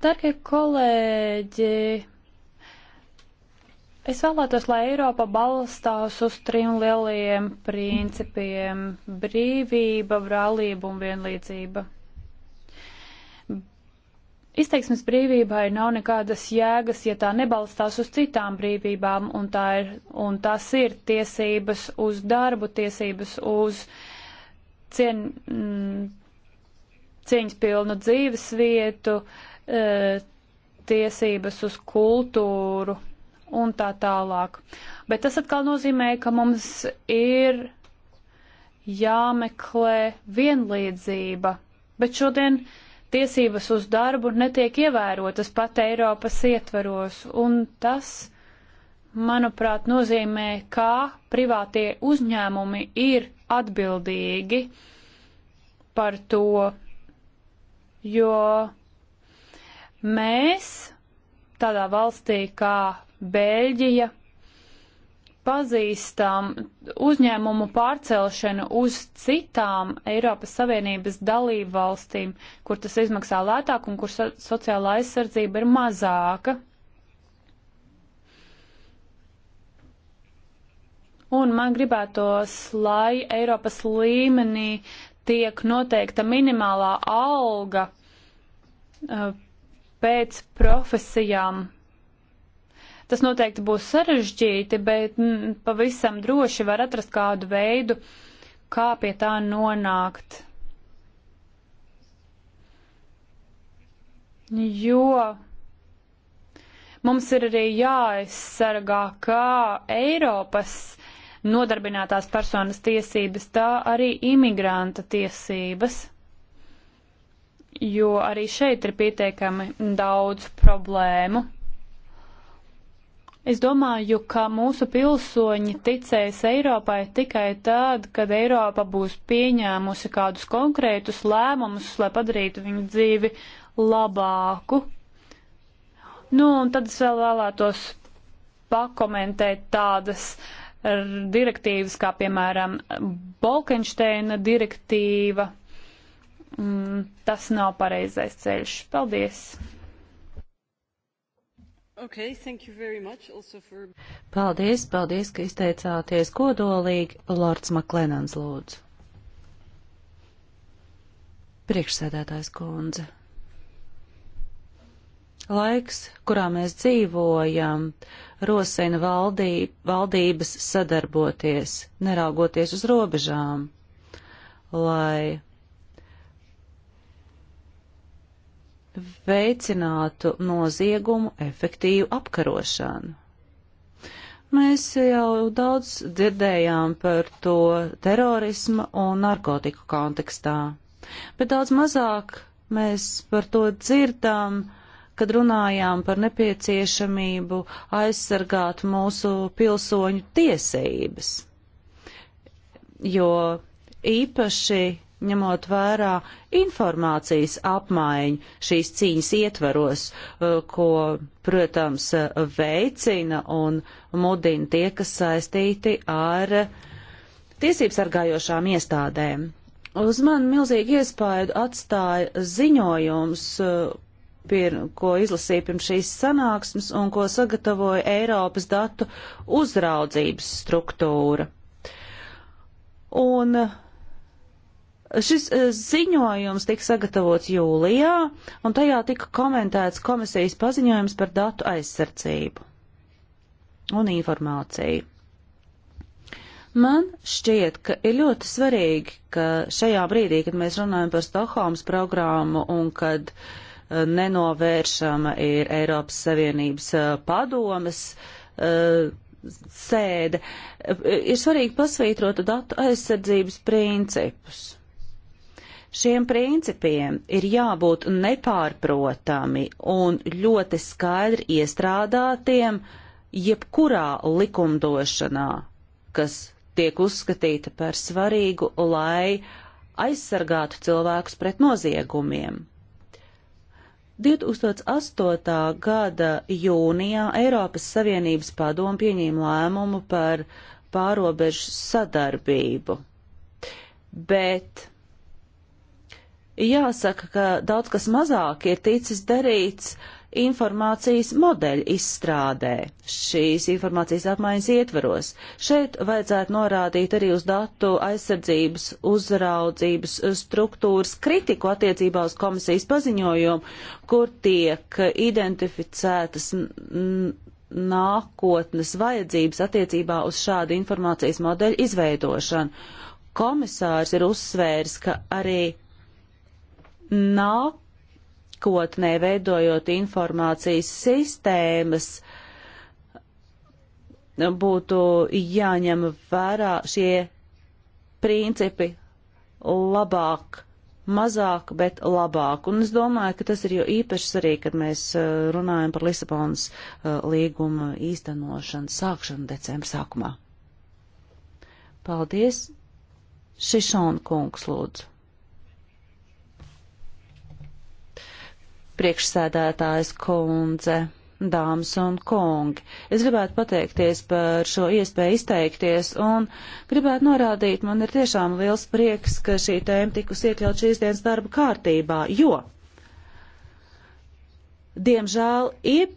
Darbie kolēģi, es vēlētos, lai Eiropa balstās uz trim lieliem principiem - brīvība, brālība un vienlīdzība. Izteiksmes brīvībai nav nekādas jēgas, ja tā nebalstās uz citām brīvībām, un, tā ir, un tās ir tiesības uz darbu, tiesības uz cien, mm, cieņas pilnu dzīves vietu, e, tiesības uz kultūru un tā tālāk. Bet tas atkal nozīmē, ka mums ir jāmeklē vienlīdzība. Bet šodien uh, tiesības uz darbu netiek ievērotas pat Eiropas ietvaros, un tas, manuprāt, nozīmē, kā privātie uzņēmumi ir atbildīgi par to, jo mēs tādā valstī kā Bēļģija pazīstam uzņēmumu pārcelšanu uz citām Eiropas Savienības dalību valstīm, kur tas izmaksā lētāk un kur so sociālā aizsardzība ir mazāka. Un man gribētos, lai Eiropas līmenī tiek noteikta minimālā alga uh, pēc profesijām Tas noteikti būs sarežģīti, bet m, mm, pavisam droši var atrast kādu veidu, kā pie tā nonākt. Jo mums ir arī jāaizsargā, kā Eiropas nodarbinātās personas tiesības, tā arī imigranta tiesības, jo arī šeit ir pietiekami daudz problēmu. Es domāju, ka mūsu pilsoņi ticēs Eiropai tikai tad, kad Eiropa būs pieņēmusi kādus konkrētus lēmumus, lai padarītu viņu dzīvi labāku. Nu, un tad es vēl vēlētos pakomentēt tādas direktīvas, kā piemēram Bolkensteina direktīva. Mm, tas nav pareizais ceļš. Paldies! Okay, for... Paldies, paldies, ka izteicāties kodolīgi. Lords Maklenans lūdzu. Priekšsēdētājs kundze. Laiks, kurā mēs dzīvojam, rosina valdī, valdības sadarboties, neraugoties uz robežām, lai veicinātu noziegumu efektīvu apkarošanu. Mēs jau daudz dzirdējām par to terorisma un narkotiku kontekstā, bet daudz mazāk mēs par to dzirdām, kad runājām par nepieciešamību aizsargāt mūsu pilsoņu tiesības, jo īpaši ņemot vērā informācijas apmaiņu šīs cīņas ietvaros, eh, ko, protams, veicina un mudina tie, kas saistīti ar tiesības sargājošām iestādēm. Uz mani milzīgi iespēju atstāja ziņojums, eh, pir, ko izlasīja pirms šīs sanāksmes un ko sagatavoja Eiropas datu uzraudzības struktūra. Un uh, Šis eh, ziņojums tika sagatavots jūlijā, un tajā tika komentēts komisijas paziņojums par datu aizsardzību un informāciju. Man šķiet, ka ir ļoti svarīgi, ka šajā brīdī, kad mēs runājam par Stokholmas programmu un kad eh, nenovēršama ir Eiropas Savienības eh, padomas sēde, ir svarīgi pasvītrot datu aizsardzības principus. Šiem principiem ir jābūt nepārprotami un ļoti skaidri iestrādātiem jebkurā likumdošanā, kas tiek uzskatīta par svarīgu, lai aizsargātu cilvēkus pret noziegumiem. 2008. gada jūnijā Eiropas Savienības padomu pieņēma lēmumu par pārobežu sadarbību, bet jāsaka, ka daudz kas mazāk ir ticis darīts informācijas modeļu izstrādē šīs informācijas apmaiņas ietvaros. Šeit vajadzētu norādīt arī uz datu aizsardzības uzraudzības struktūras kritiku attiecībā uz komisijas paziņojumu, kur tiek identificētas nākotnes vajadzības attiecībā uz šādu informācijas modeļu izveidošanu. Komisārs ir uzsvērs, ka arī nākotnē veidojot informācijas sistēmas, būtu jāņem vērā šie principi labāk, mazāk, bet labāk. Un es domāju, ka tas ir jau īpaši svarīgi, kad mēs uh, runājam par Lisabonas uh, līguma īstenošanu sākšanu decembra sākumā. Paldies! Šišon kungs lūdzu. priekšsēdētājas kundze, dāmas un kungi. Es gribētu pateikties par šo iespēju izteikties un gribētu norādīt, man ir tiešām liels prieks, ka šī tēma tikus iekļaut šīs dienas darba kārtībā, jo, diemžēl, ip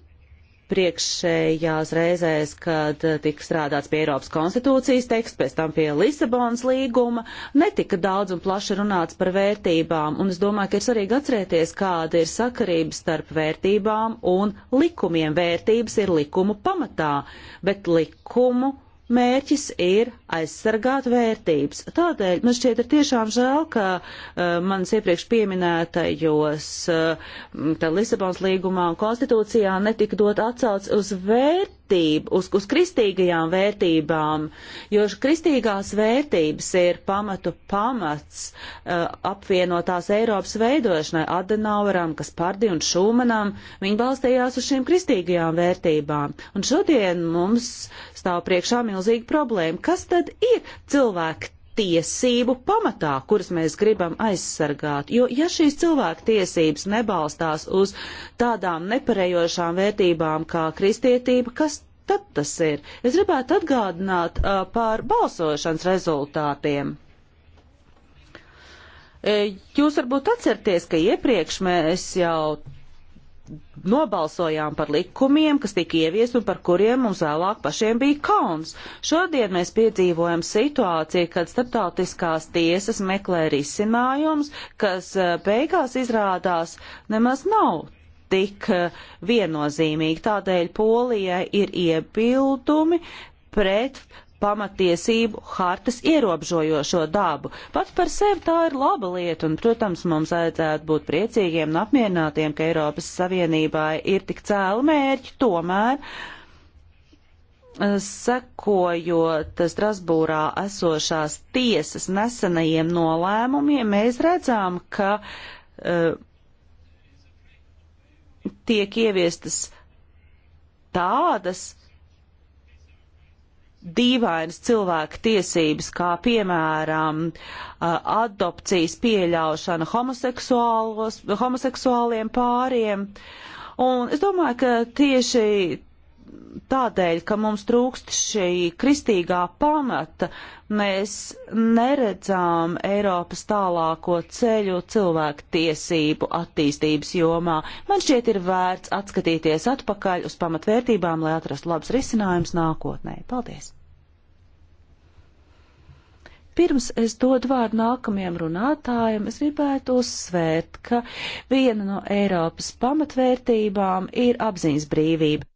priekšējās reizēs, kad eh, tika strādāts pie Eiropas konstitūcijas teksta, pēc tam pie Lisabonas līguma, netika daudz un plaši runāts par vērtībām, un es domāju, ka ir svarīgi atcerēties, kāda ir sakarība starp vērtībām un likumiem. Vērtības ir likumu pamatā, bet likumu mērķis ir aizsargāt vērtības. Tādēļ man šķiet ir tiešām žēl, ka uh, manas iepriekš pieminētajos uh, Lisabons līgumā un konstitūcijā netika dot atsauc uz vērtību, uz, uz kristīgajām vērtībām, jo kristīgās vērtības ir pamatu pamats uh, apvienotās Eiropas veidošanai Adenaueram, Kaspardi un Šūmanam. Viņi balstījās uz šīm kristīgajām vērtībām. Un šodien mums stāv priekšā milzīgi milzīga problēma. Kas tad ir cilvēku tiesību pamatā, kuras mēs gribam aizsargāt? Jo ja šīs cilvēku tiesības nebalstās uz tādām nepareizošām vērtībām kā kristietība, kas tad tas ir? Es gribētu atgādināt uh, par balsošanas rezultātiem. E, jūs varbūt atcerieties, ka iepriekš mēs jau nobalsojām par likumiem, kas tika ieviest un par kuriem mums vēlāk pašiem bija kauns. Šodien mēs piedzīvojam situāciju, kad starptautiskās tiesas meklē risinājums, kas eh, beigās izrādās nemaz nav tik eh, viennozīmīgi. Tādēļ Polijai ir iebildumi pret pamatiesību hartas ierobežojošo dabu. Pats par sevi tā ir laba lieta, un, protams, mums vajadzētu būt priecīgiem un apmierinātiem, ka Eiropas Savienībai ir tik cēli mērķi, tomēr eh, sekojot Strasbūrā esošās tiesas nesenajiem nolēmumiem, mēs redzam, ka uh, tiek ieviestas tādas dīvainas cilvēka tiesības, kā piemēram adopcijas pieļaušana homoseksuāliem pāriem. Un es domāju, ka tieši tādēļ, ka mums trūkst šī kristīgā pamata, mēs neredzām Eiropas tālāko ceļu cilvēku tiesību attīstības jomā. Man šķiet ir vērts atskatīties atpakaļ uz pamatvērtībām, lai atrastu labs risinājums nākotnē. Paldies! Pirms es dodu vārdu nākamajam runātājam, es gribētu uzsvērt, ka viena no Eiropas pamatvērtībām ir apziņas brīvība.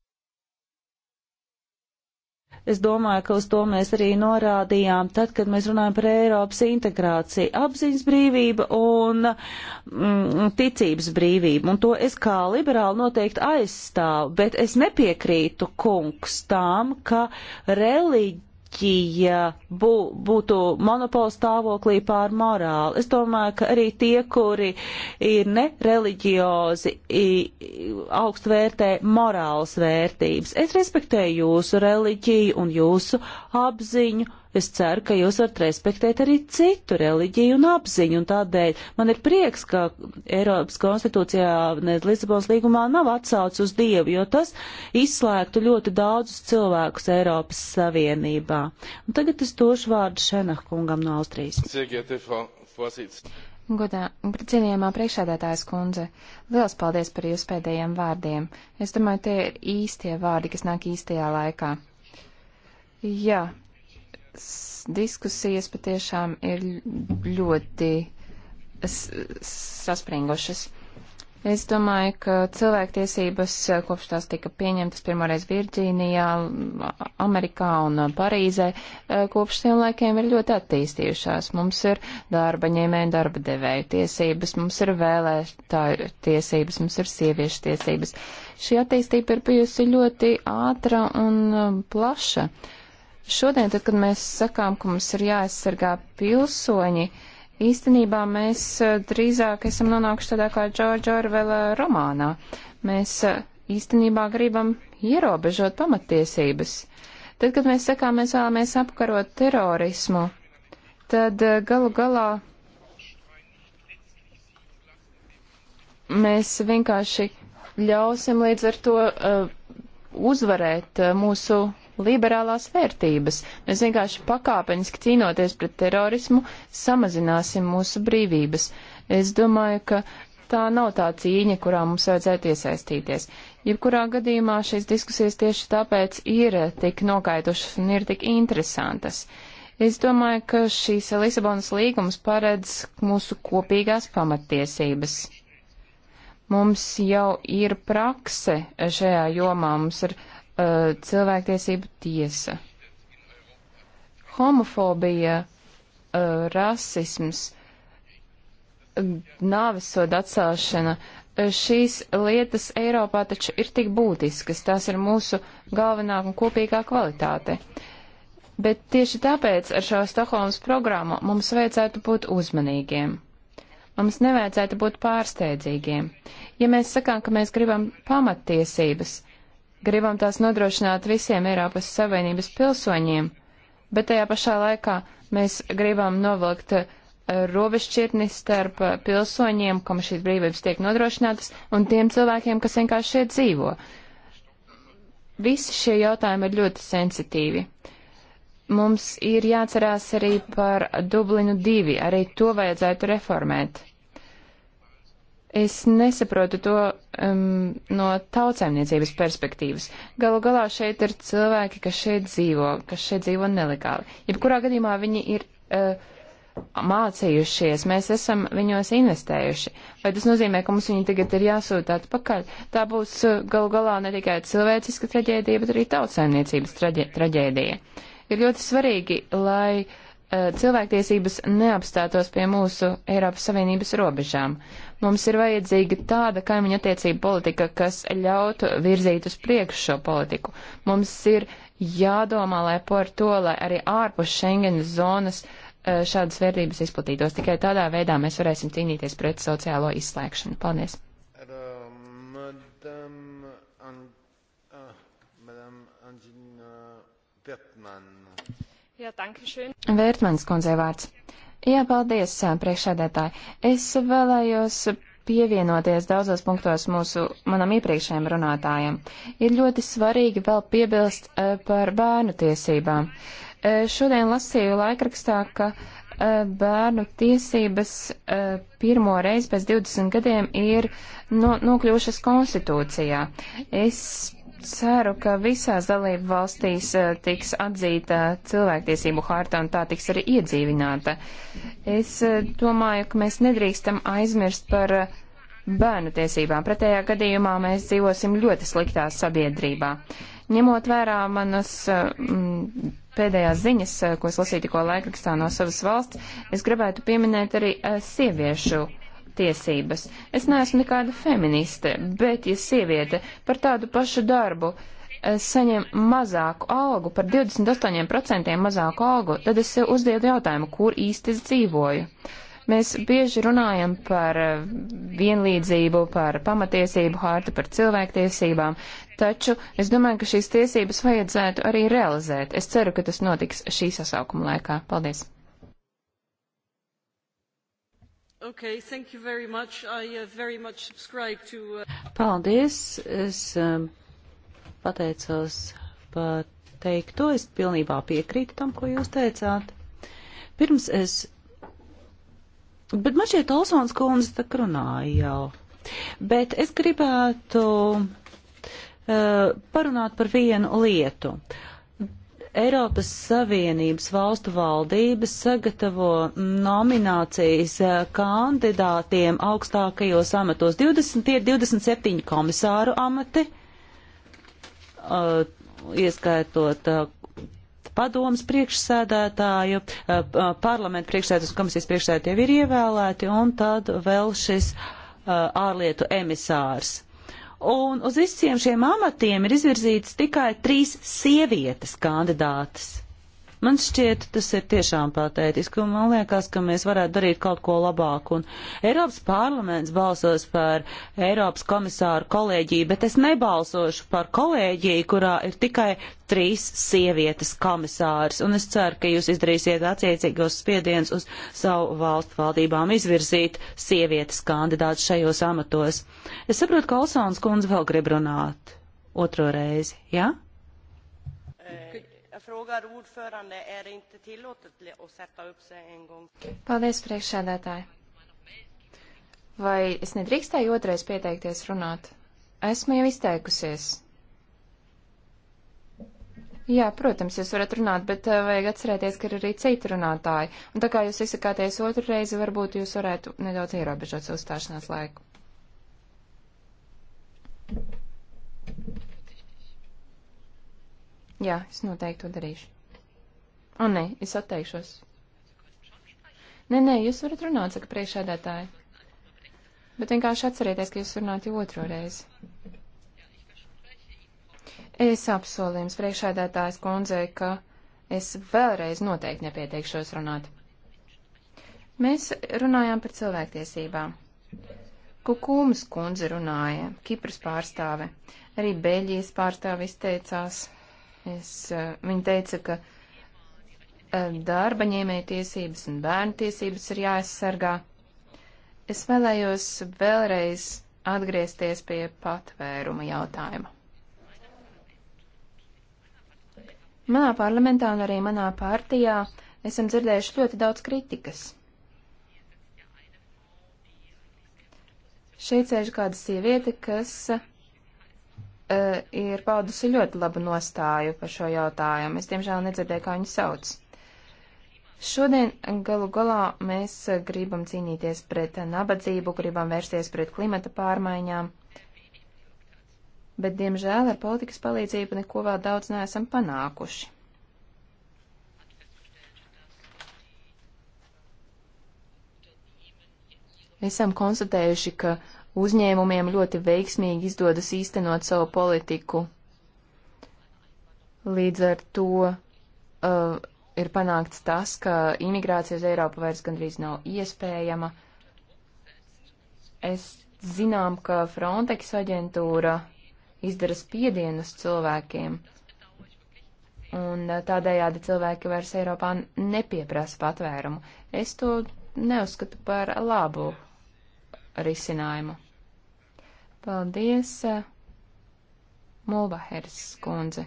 Es domāju, ka uz to mēs arī norādījām, tad, kad mēs runājam par Eiropas integrāciju, apziņas brīvība un mm, ticības brīvība. Un to es kā liberāli noteikti aizstāvu, bet es nepiekrītu kungs tām, ka reliģija Grieķija bū, būtu monopola stāvoklī pār morāli. Es domāju, ka arī tie, kuri ir nereliģiozi, augstu vērtē morāls vērtības. Es respektēju jūsu reliģiju un jūsu apziņu Es ceru, ka jūs varat respektēt arī citu reliģiju un apziņu, un tādēļ man ir prieks, ka Eiropas konstitūcijā, ne Lisabons līgumā nav atsauc uz Dievu, jo tas izslēgtu ļoti daudzus cilvēkus Eiropas Savienībā. Un tagad es došu vārdu Šenahkungam no Austrijas. Godā, cienījamā priekšādātājas kundze, liels paldies par jūsu pēdējiem vārdiem. Es domāju, tie ir īstie vārdi, kas nāk īstajā laikā. Jā, diskusijas patiešām ir ļoti saspringušas. Es domāju, ka cilvēktiesības eh, kopš tās tika pieņemtas pirmoreiz Virģīnijā, Amerikā un eh, Parīzē, eh, kopš tiem laikiem ir ļoti attīstījušās. Mums ir darba ņēmēju un darba devēju tiesības, mums ir vēlētāju tiesības, mums ir sieviešu tiesības. Šī attīstība ir bijusi ļoti ātra un plaša. Uh, Šodien, tad, kad mēs sakām, ka mums ir jāaizsargā pilsoņi, īstenībā mēs eh, drīzāk esam nonākuši tādā kā Džordža Orvela romānā. Mēs eh, īstenībā gribam ierobežot pamatiesības. Tad, kad mēs sakām, mēs vēlamies apkarot terorismu, tad eh, galu galā mēs vienkārši ļausim līdz ar to uh, uzvarēt uh, mūsu liberālās vērtības. Mēs vienkārši pakāpeniski cīnoties pret terorismu, samazināsim mūsu brīvības. Es domāju, ka tā nav tā cīņa, kurā mums vajadzētu iesaistīties. Jebkurā gadījumā šīs diskusijas tieši tāpēc ir tik nokaitušas un ir tik interesantas. Es domāju, ka šīs Lisabonas līgums paredz mūsu kopīgās pamatiesības. Mums jau ir prakse šajā jomā, mums ir uh, cilvēktiesību tiesa. Homofobija, uh, rasisms, nāvisoda atcelšana, uh, šīs lietas Eiropā taču ir tik būtiskas, tās ir mūsu galvenā un kopīgā kvalitāte. Bet tieši tāpēc ar šo Stokholmas programmu mums vajadzētu būt uzmanīgiem. Mums nevajadzētu būt pārsteidzīgiem. Ja mēs sakām, ka mēs gribam pamattiesības, gribam tās nodrošināt visiem Eiropas Savienības pilsoņiem, bet tajā pašā laikā mēs gribam novilkt eh, robežšķirtni starp eh, pilsoņiem, kam šīs brīvības tiek nodrošinātas, un tiem cilvēkiem, kas vienkārši šeit dzīvo. Visi šie jautājumi ir ļoti sensitīvi. Mums ir jāatcerās arī par Dublinu 2, arī to vajadzētu reformēt. Es nesaprotu to um, no tautsēmniecības perspektīvas. Galu galā šeit ir cilvēki, kas šeit dzīvo, kas šeit dzīvo nelegāli. Jebkurā gadījumā viņi ir uh, mācījušies, mēs esam viņos investējuši. Vai tas nozīmē, ka mums viņi tagad ir jāsūta atpakaļ? Tā būs uh, galu galā ne tikai cilvēciska traģēdija, bet arī tautsēmniecības traģē traģēdija. Ir ļoti svarīgi, lai uh, Eh, cilvēktiesības neapstātos pie mūsu Eiropas Savienības robežām. Mums ir vajadzīga tāda kaimiņa attiecība politika, kas ļautu virzīt uz priekšu šo politiku. Mums ir jādomā, lai par to, lai arī ārpus Schengenas zonas eh, šādas vērtības izplatītos. Tikai tādā veidā mēs varēsim cīnīties pret sociālo izslēgšanu. Paldies! Jā, dankšēn. Vērtmanis kundzei vārds. Jā, paldies, priekšsēdētāji. Es vēlējos pievienoties daudzos punktos mūsu manam iepriekšējiem runātājiem. Ir ļoti svarīgi vēl piebilst uh, par bērnu tiesībām. Uh, šodien lasīju laikrakstā, ka uh, bērnu tiesības pirmo reizi pēc 20 gadiem ir no, nokļūšas konstitūcijā. Es ceru, ka visās dalību valstīs eh, tiks atzīta cilvēktiesību harta un tā tiks arī iedzīvināta. Es eh, domāju, ka mēs nedrīkstam aizmirst par eh, bērnu tiesībām. Pretējā gadījumā mēs dzīvosim ļoti sliktā sabiedrībā. Ņemot vērā manas m, pēdējās ziņas, ko es lasīju tikko laikrakstā no savas valsts, es gribētu pieminēt arī sieviešu tiesības. Es neesmu nekāda feministe, bet ja sieviete par tādu pašu darbu eh, saņem mazāku algu, par 28% mazāku algu, tad es sev uzdevu jautājumu, kur īsti es dzīvoju. Mēs bieži runājam par eh, vienlīdzību, par pamatiesību hārtu, par cilvēktiesībām, taču es domāju, ka šīs tiesības vajadzētu arī realizēt. Es ceru, ka tas notiks šī sasaukuma laikā. Paldies! Okay, thank you very much. I uh, very much subscribe to... Uh... Paldies. Es um, pateicos par teikto. Es pilnībā piekrītu tam, ko jūs teicāt. Pirms es... Bet man šeit Olsons kundze tak runāja jau. Bet es gribētu uh, parunāt par vienu lietu. Uh, Eiropas Savienības valstu valdības sagatavo nominācijas eh, kandidātiem augstākajos amatos. 20 ir 27 komisāru amati, eh, ieskaitot eh, padomas priekšsēdētāju, parlamentu priekšsēdētājs un komisijas priekšsēdētāji jau ir ievēlēti, un tad vēl šis ārlietu emisārs. Un uz visiem šiem amatiem ir izvirzītas tikai trīs sievietes kandidātas. Man šķiet, tas ir tiešām patētiski, un man liekas, ka mēs varētu darīt kaut ko labāku. Un Eiropas parlaments balsos par Eiropas komisāru kolēģiju, bet es nebalsošu par kolēģiju, kurā ir tikai trīs sievietes komisārs, un es ceru, ka jūs izdarīsiet attiecīgos spiediens uz savu valstu valdībām izvirzīt sievietes kandidātus šajos amatos. Es saprotu, ka Olsons kundze vēl grib runāt otro reizi, jā? Ja? E Frågar ordförande, är det inte tillåtet att sätta upp sig en gång? Paldies, priekšsēdētāji. Vai es nedrīkstēju otrais pieteikties runāt? Esmu jau izteikusies. Jā, protams, jūs varat runāt, bet eh, vajag atcerēties, ka ir arī citi runātāji. Un tā kā jūs izsakāties otru reizi, varbūt jūs varētu nedaudz ierobežot savu stāšanās laiku. Jā, es noteikti to darīšu. O, nē, es atteikšos. Nē, nē, jūs varat runāt, saka priekšēdētāji. Bet vienkārši atcerieties, ka jūs runājat jau otro reizi. Es apsolu jums priekšēdētājas kundzei, ka es vēlreiz noteikti nepieteikšos runāt. Mēs runājām par cilvēktiesībām. Kukūmas kundze runāja, Kipras pārstāve, arī Beļģijas pārstāve izteicās. Es, eh, viņa teica, ka eh, darba ņēmēja tiesības un bērnu tiesības ir jāaizsargā. Es vēlējos vēlreiz atgriezties pie patvēruma jautājuma. Manā parlamentā un arī manā partijā esam dzirdējuši ļoti daudz kritikas. Šeit sēž kāda sieviete, kas uh, ir paudusi ļoti labu nostāju par šo jautājumu. Es, diemžēl, nedzirdēju, kā viņu sauc. Šodien galu galā mēs gribam cīnīties pret nabadzību, gribam vērsties pret klimata pārmaiņām, bet, diemžēl, ar politikas palīdzību neko vēl daudz neesam panākuši. Esam konstatējuši, ka uzņēmumiem ļoti veiksmīgi izdodas īstenot savu politiku. Līdz ar to uh, ir panākts tas, ka imigrācija uz Eiropu vairs gandrīz nav iespējama. Es zinām, ka Frontex aģentūra izdara spiedienus cilvēkiem, un tādējādi cilvēki vairs Eiropā nepieprasa patvērumu. Es to neuzskatu par labu risinājumu. Paldies, eh, Mulvahers skundze.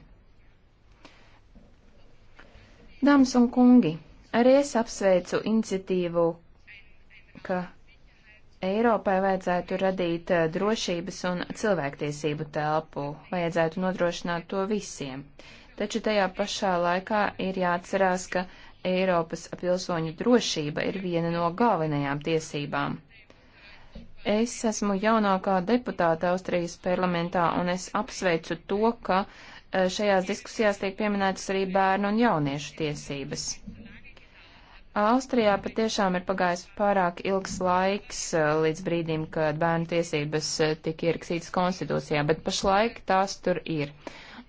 Dāmas un kungi, arī es apsveicu iniciatīvu, ka Eiropai vajadzētu radīt eh, drošības un cilvēktiesību telpu, vajadzētu nodrošināt to visiem. Taču tajā pašā laikā ir jāatcerās, ka Eiropas pilsoņu drošība ir viena no galvenajām tiesībām. Es esmu jaunākā deputāta Austrijas parlamentā, un es apsveicu to, ka eh, šajās diskusijās tiek pieminētas arī bērnu un jauniešu tiesības. Austrijā patiešām ir pagājis pārāk ilgs laiks eh, līdz brīdim, kad bērnu tiesības eh, tika ierakstītas konstitūcijā, bet pašlaik tās tur ir.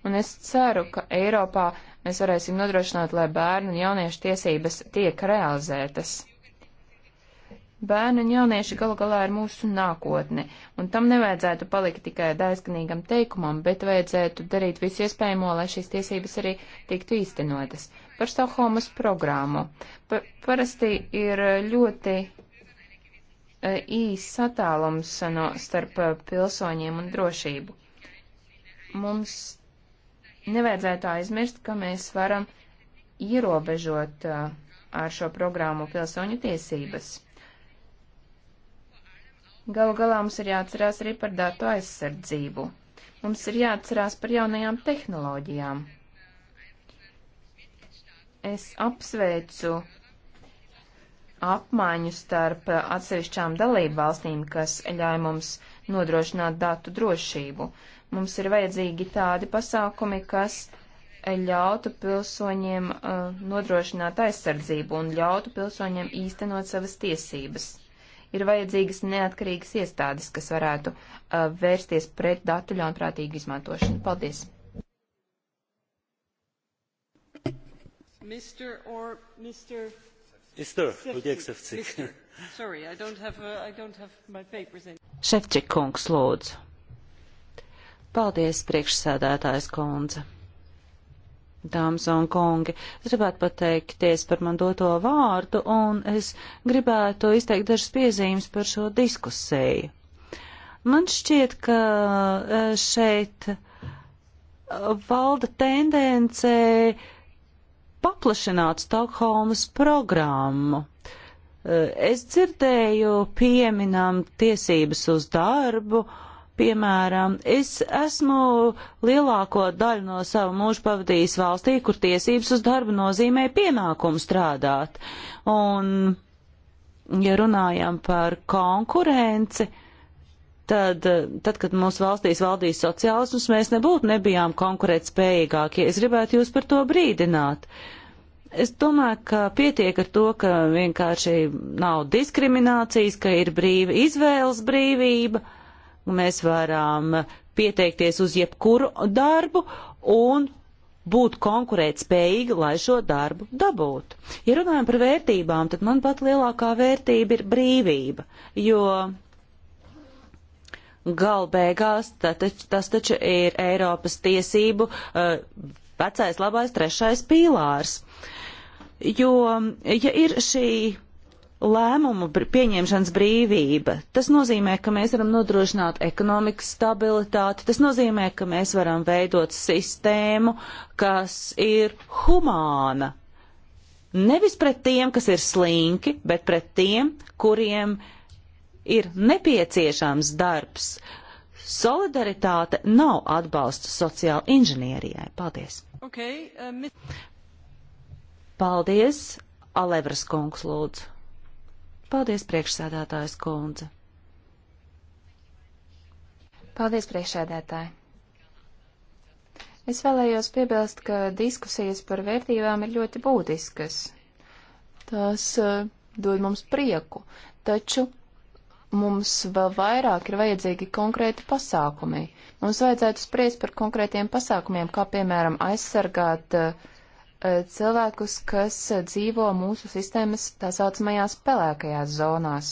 Un es ceru, ka Eiropā mēs varēsim nodrošināt, lai bērnu un jauniešu tiesības tiek realizētas. Bērni un jaunieši galu galā ir mūsu nākotne, un tam nevajadzētu palikt tikai daizganīgam teikumam, bet vajadzētu darīt visu iespējamo, lai šīs tiesības arī tiktu īstenotas. Par Stokholmas programmu. Pa parasti ir ļoti e, īss attālums no starp e, pilsoņiem un drošību. Mums nevajadzētu aizmirst, ka mēs varam ierobežot e, ar šo programmu pilsoņu tiesības. Galu galā mums ir jāatcerās arī par datu aizsardzību. Mums ir jāatcerās par jaunajām tehnoloģijām. Es apsveicu apmaiņu starp atsevišķām dalību valstīm, kas ļauj mums nodrošināt datu drošību. Mums ir vajadzīgi tādi pasākumi, kas ļautu pilsoņiem uh, nodrošināt aizsardzību un ļautu pilsoņiem īstenot savas tiesības ir vajadzīgas neatkarīgas iestādes, kas varētu uh, vērsties pret datu ļaunprātīgu izmantošanu. Paldies! Mr. or Mr. Uh, Šefčik kungs lūdzu. Paldies, priekšsēdētājs kundze dāmas un kungi. Es gribētu pateikties par man doto vārdu un es gribētu izteikt dažas piezīmes par šo diskusiju. Man šķiet, ka e, šeit e, valda tendence paplašināt Stokholmas programmu. E, es dzirdēju pieminam tiesības uz darbu, uh, Piemēram, es esmu lielāko daļu no savu mūžu pavadījis valstī, kur tiesības uz darbu nozīmē pienākumu strādāt. Un, ja runājam par konkurenci, tad, tad, kad mūsu valstīs valdīja sociālisms, mēs nebūtu nebijām konkurētspējīgākie. Es gribētu jūs par to brīdināt. Es domāju, ka pietiek ar to, ka vienkārši nav diskriminācijas, ka ir brīva izvēles brīvība. Uh, mēs varam pieteikties uz jebkuru darbu un būt konkurētspējīgi, lai šo darbu dabūtu. Ja runājam par vērtībām, tad man pat lielākā vērtība ir brīvība, jo galbeigās tas taču ir Eiropas tiesību uh, vecais labais trešais pīlārs. Jo, ja ir šī lēmumu pieņemšanas brīvība. Tas nozīmē, ka mēs varam nodrošināt ekonomikas stabilitāti, tas nozīmē, ka mēs varam veidot sistēmu, kas ir humāna. Nevis pret tiem, kas ir slinki, bet pret tiem, kuriem ir nepieciešams darbs. Solidaritāte nav atbalsts sociāla inženierijai. Paldies! Okay, um... Paldies, Alevras kungs lūdzu. Paldies, priekšsēdētājs kundze. Paldies, priekšsēdētāji. Es vēlējos piebilst, ka diskusijas par vērtībām ir ļoti būtiskas. Tās uh, eh, dod mums prieku, taču mums vēl vairāk ir vajadzīgi konkrēti pasākumi. Mums vajadzētu spriest par konkrētiem pasākumiem, kā piemēram aizsargāt uh, Eh, cilvēkus, kas eh, dzīvo mūsu sistēmas tā saucamajās pelēkajās zonās.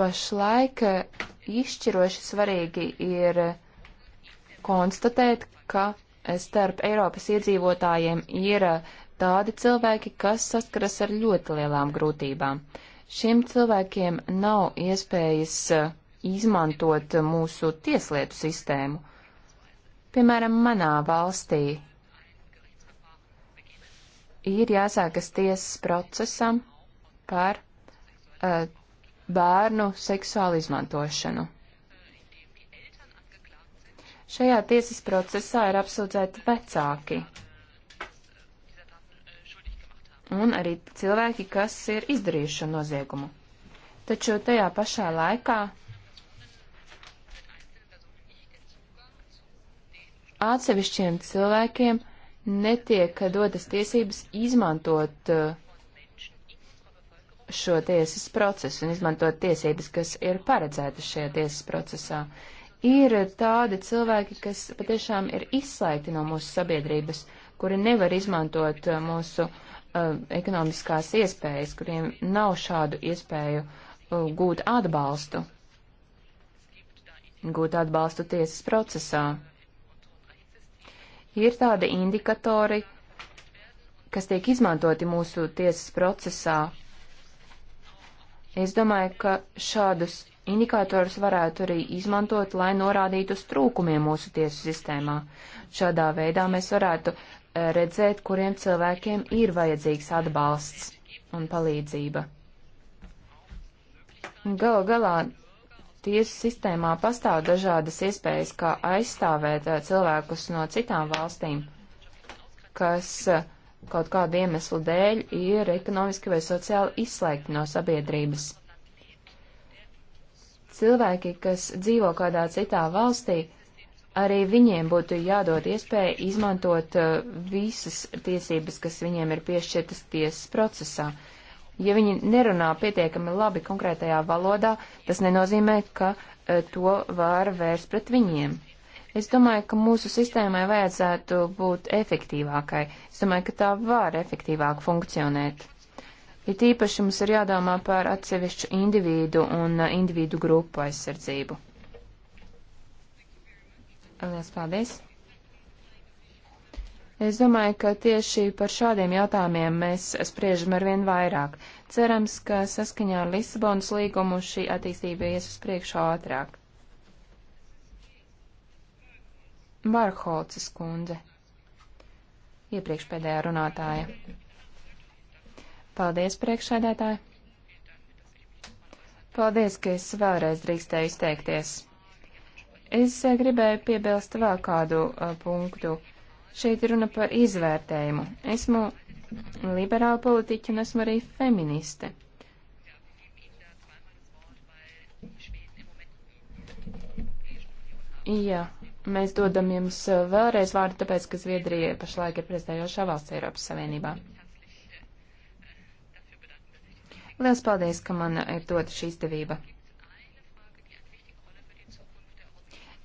Pašlaik eh, izšķiroši svarīgi ir konstatēt, ka starp Eiropas iedzīvotājiem ir tādi cilvēki, kas saskaras ar ļoti lielām grūtībām. Šiem cilvēkiem nav iespējas izmantot mūsu tieslietu sistēmu. Piemēram, manā valstī ir jāsākas tiesas procesam par uh, bērnu seksuālu izmantošanu. Šajā tiesas procesā ir apsūdzēti vecāki un arī cilvēki, kas ir izdarījuši šo noziegumu. Taču tajā pašā laikā atsevišķiem cilvēkiem netiek dotas tiesības izmantot uh, šo tiesas procesu un izmantot tiesības, kas ir paredzētas šajā tiesas procesā. Ir tādi cilvēki, kas patiešām ir izslēgti no mūsu sabiedrības, kuri nevar izmantot uh, mūsu uh, ekonomiskās iespējas, kuriem nav šādu iespēju uh, gūt atbalstu, gūt atbalstu tiesas procesā ir tādi indikatori, kas tiek izmantoti mūsu tiesas procesā. Es domāju, ka šādus indikātorus varētu arī izmantot, lai norādītu uz trūkumiem mūsu tiesu sistēmā. Šādā veidā mēs varētu eh, redzēt, kuriem cilvēkiem ir vajadzīgs atbalsts un palīdzība. Galu galā Tiesu sistēmā pastāv dažādas iespējas, kā aizstāvēt eh, cilvēkus no citām valstīm, kas eh, kaut kādu iemeslu dēļ ir ekonomiski vai sociāli izslēgti no sabiedrības. Cilvēki, kas dzīvo kādā citā valstī, arī viņiem būtu jādod iespēja izmantot eh, visas tiesības, kas viņiem ir piešķirtas tiesas procesā. Uh, Ja viņi nerunā pietiekami labi konkrētajā valodā, tas nenozīmē, ka e, to var vērst pret viņiem. Es domāju, ka mūsu sistēmai vajadzētu būt efektīvākai. Es domāju, ka tā var efektīvāk funkcionēt. It ja īpaši mums ir jādomā par atsevišķu individu un e, individu grupu aizsardzību. Lielas paldies! Es domāju, ka tieši par šādiem jautājumiem mēs spriežam ar vien vairāk. Cerams, ka saskaņā ar Lisabonas līgumu šī attīstība ies uz priekšu ātrāk. Barholces kundze, iepriekšpēdējā runātāja. Paldies, priekšsēdētāji! Paldies, ka es vēlreiz drīkstēju izteikties. Es eh, gribēju piebilst vēl kādu uh, punktu. Uh, Šeit ir runa par izvērtējumu. Esmu liberāla politiķa un esmu arī feministe. Jā, mēs dodam jums eh, vēlreiz vārdu, tāpēc, ka Zviedrija pašlaik ir prezidējošā valsts Eiropas Savienībā. Liels paldies, ka man ir eh, dota šī izdevība.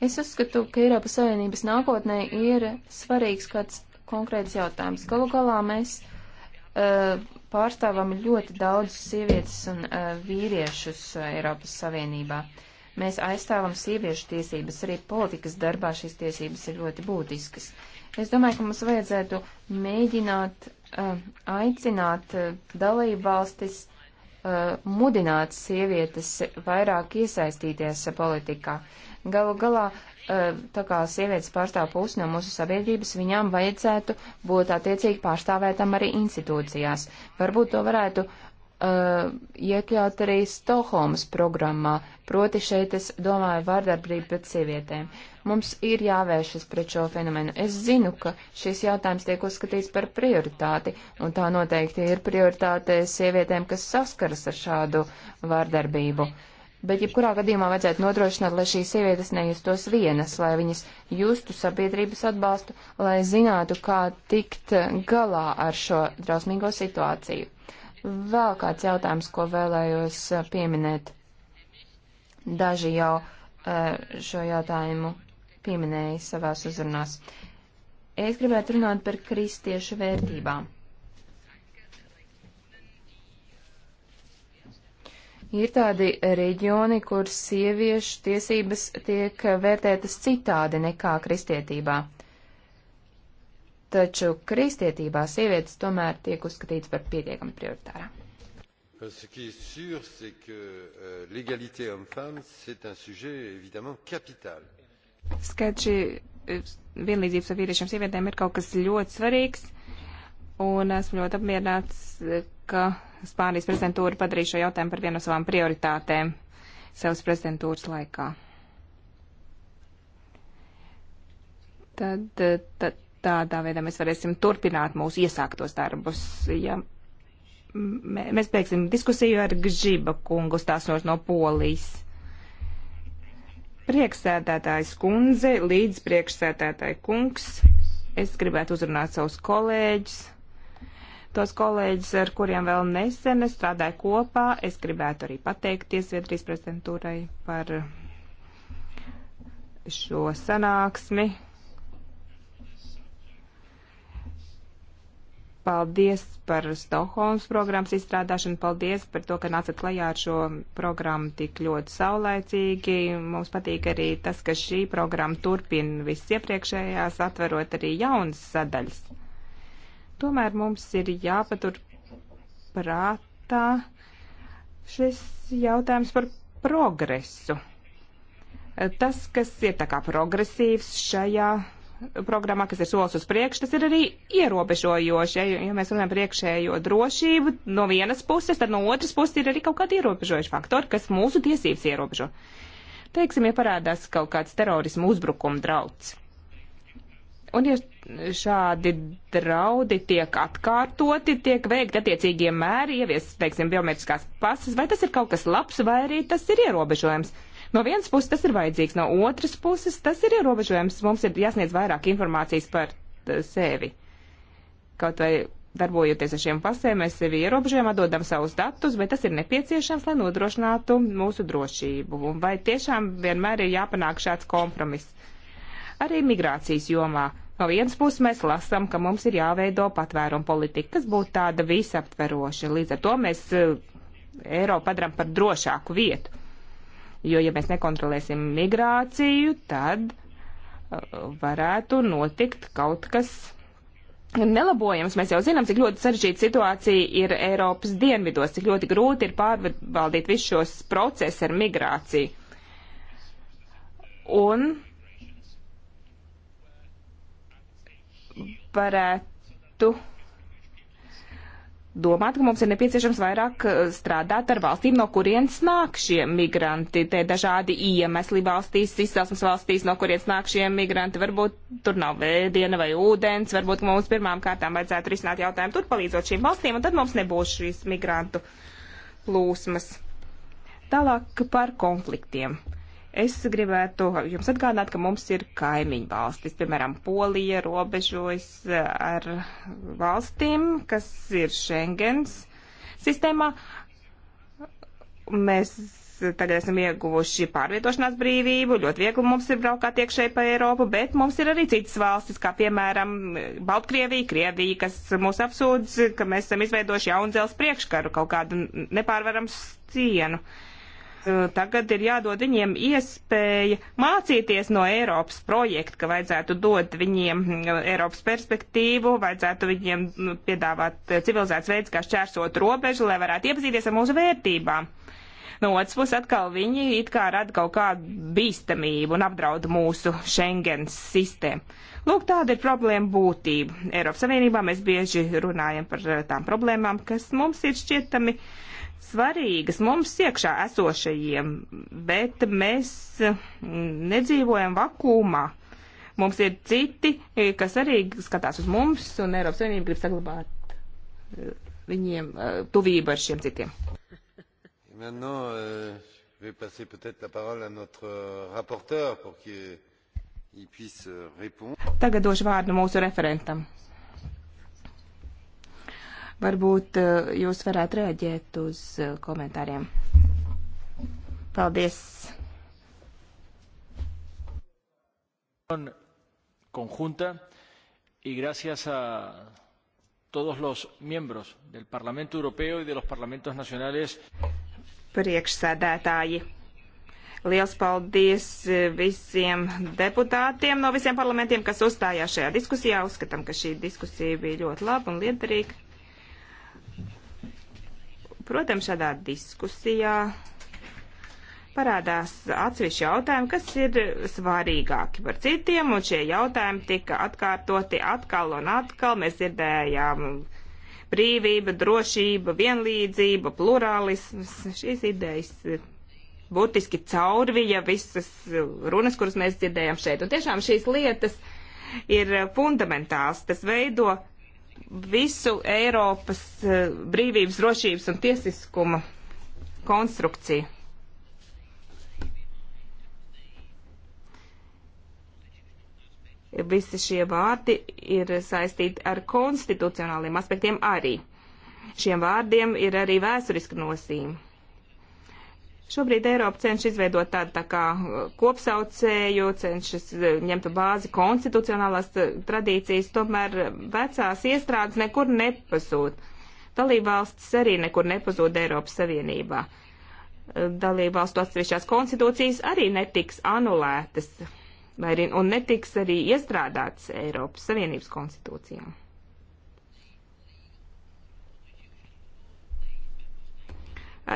Es uzskatu, ka Eiropas Savienības nākotnē ir svarīgs kāds konkrēts jautājums. Galu galā mēs uh, pārstāvam ļoti daudz sievietes un uh, vīriešus uh, Eiropas Savienībā. Mēs aizstāvam sieviešu tiesības, arī politikas darbā šīs tiesības ir ļoti būtiskas. Es domāju, ka mums vajadzētu mēģināt uh, aicināt uh, dalību valstis uh, mudināt sievietes vairāk iesaistīties politikā. Uh, Galu galā, e, tā kā sievietes pārstāv pusi no mūsu sabiedrības, viņām vajadzētu būt attiecīgi pārstāvētam arī institūcijās. Varbūt to varētu uh, iekļaut arī Stokholmas programmā, proti šeit es domāju vārdarbību pret sievietēm. Mums ir jāvēršas pret šo fenomenu. Es zinu, ka šis jautājums tiek uzskatīts par prioritāti, un tā noteikti ir prioritāte sievietēm, kas saskaras ar šādu vārdarbību. Uh, bet jebkurā gadījumā vajadzētu nodrošināt, lai šīs sievietes nejustos vienas, lai viņas justu sabiedrības atbalstu, lai zinātu, kā tikt galā ar šo drausmīgo situāciju. Vēl kāds jautājums, ko vēlējos pieminēt. Daži jau eh, šo jautājumu pieminēja savās uzrunās. Es gribētu runāt par kristiešu vērtībām. Ir tādi reģioni, kur sieviešu tiesības tiek vērtētas citādi nekā kristietībā. Taču kristietībā sievietes tomēr tiek uzskatītas par pietiekami prioritārām. Ce qui est sûr, c'est que euh, l'égalité homme-femme, c'est un sujet évidemment capital. Skaidrs, eh, vienlīdzības ar vīriešiem sievietēm ir kaut kas ļoti svarīgs, un esmu ļoti apmierināts, eh, ka Spānijas prezidentūra padarīja šo jautājumu par vienu no savām prioritātēm savas prezidentūras laikā. Tad, eh, tad tādā veidā mēs varēsim turpināt mūsu iesāktos darbus. Ja mēs beigsim diskusiju ar Gžiba kungu stāsnos no Polijas. Prieksētētājs kundze līdz priekšsētētāja kungs. Es gribētu uzrunāt savus kolēģus, tos kolēģis, ar kuriem vēl nesen strādāju kopā. Es gribētu arī pateikties Viedrīs prezidentūrai par šo sanāksmi. Paldies par Stokholmas programmas izstrādāšanu, paldies par to, ka nācat klajā ar šo programmu tik ļoti saulēcīgi. Mums patīk arī tas, ka šī programma turpina viss iepriekšējās, atverot arī jaunas sadaļas. Tomēr mums ir jāpatur prātā šis jautājums par progresu. Tas, kas ir tā kā progresīvs šajā programmā, kas ir solis uz priekšu, tas ir arī ierobežojoši. Ja, ja mēs runājam par iekšējo drošību no vienas puses, tad no otras puses ir arī kaut kādi ierobežojuši faktori, kas mūsu tiesības ierobežo. Teiksim, ja parādās kaut kāds terorismu uzbrukuma drauds. Un, ja šādi draudi tiek atkārtoti, tiek veikti attiecīgie mēri, ievies, teiksim, biometriskās pasas, vai tas ir kaut kas labs, vai arī tas ir ierobežojums? No vienas puses tas ir vajadzīgs, no otras puses tas ir ierobežojums. Mums ir jāsniedz vairāk informācijas par eh, sevi. Kaut vai darbojoties ar šiem pasēm, mēs sevi ierobežojam, atdodam savus datus, bet tas ir nepieciešams, lai nodrošinātu mūsu drošību. Un vai tiešām vienmēr ir jāpanāk šāds kompromiss? Arī migrācijas jomā No vienas puses mēs lasām, ka mums ir jāveido patvērumu politika, kas būtu tāda visaptveroša. Līdz ar to mēs eh, Eiropu padaram par drošāku vietu. Jo, ja mēs nekontrolēsim migrāciju, tad eh, varētu notikt kaut kas nelabojams. Mēs jau zinām, cik ļoti sarežģīta situācija ir Eiropas dienvidos, cik ļoti grūti ir pārvaldīt visus šos procesus ar migrāciju. Un varētu domāt, ka mums ir nepieciešams vairāk eh, strādāt ar valstīm, no kurienes nāk šie migranti. Te dažādi iemesli valstīs, izcelsmes valstīs, no kurienes nāk šie migranti. Varbūt tur nav vēdiena vai ūdens, varbūt mums pirmām kārtām vajadzētu risināt jautājumu tur palīdzot šīm valstīm, un tad mums nebūs šīs migrantu plūsmas. Tālāk par konfliktiem. Uh, Es gribētu jums atgādināt, ka mums ir kaimiņu valstis, piemēram, Polija robežojas eh, ar valstīm, kas ir Schengens sistēmā. Mēs tagad esam ieguvuši pārvietošanās brīvību, ļoti viegli mums ir braukāt iekšēji pa Eiropu, bet mums ir arī citas valstis, kā piemēram eh, Baltkrievija, Krievija, kas mūs apsūdz, ka mēs esam izveidojuši jaunu dzels priekškaru, kaut kādu nepārvarams cienu. Uh, Eh, tagad ir jādod viņiem iespēja mācīties no Eiropas projekta, ka vajadzētu dot viņiem eh, Eiropas perspektīvu, vajadzētu viņiem nu, piedāvāt eh, civilizēts veids, kā šķērsot robežu, lai varētu iepazīties ar mūsu vērtībām. No otras puses, atkal viņi it kā rada kaut kādu bīstamību un apdraud mūsu Schengens sistēmu. Lūk, tāda ir problēma būtība. Eiropas Savienībā mēs bieži runājam par tām problēmām, kas mums ir šķietami uh, svarīgas mums iekšā esošajiem, bet mēs mm, nedzīvojam vakumā. Mums ir citi, eh, kas arī skatās uz mums, un Eiropas Savienība grib saglabāt eh, viņiem eh, tuvību ar šiem citiem. Maintenant, euh, je vais passer peut-être la parole à notre euh, rapporteur pour qu'il puisse euh, répondre. Tagad došu vārdu mūsu referentam. Varbūt eh, jūs varētu reaģēt uz eh, komentāriem. Paldies! conjunta y gracias a todos los miembros del Parlamento Europeo y de los parlamentos nacionales. Priekšsēdētāji, liels paldies eh, visiem deputātiem no visiem parlamentiem, kas uzstājās šajā diskusijā. Uzskatām, ka šī diskusija bija ļoti laba un liederīga. Protams, šādā diskusijā parādās atsevišķi jautājumi, kas ir svarīgāki par citiem, un šie jautājumi tika atkārtoti atkal un atkal. Mēs dzirdējām brīvība, drošība, vienlīdzība, plurālisms. Šīs idejas būtiski caurvija visas runas, kuras mēs dzirdējām šeit. Un tiešām šīs lietas ir fundamentāls. Tas veido visu Eiropas eh, brīvības, drošības un tiesiskuma konstrukciju. Visi šie vārdi ir saistīti ar konstitucionāliem aspektiem arī. Šiem vārdiem ir arī vēsturiska nosīme. Šobrīd Eiropa cenšas izveidot tādu tā kā uh, kopsaucēju, cenšas uh, ņemt bāzi konstitucionālās uh, tradīcijas, tomēr vecās iestrādes nekur nepazūd. Dalībvalstis arī nekur nepazūd Eiropas Savienībā. Dalībvalstu atsevišķās konstitūcijas arī netiks anulētas vai, un netiks arī iestrādātas Eiropas Savienības konstitūcijām.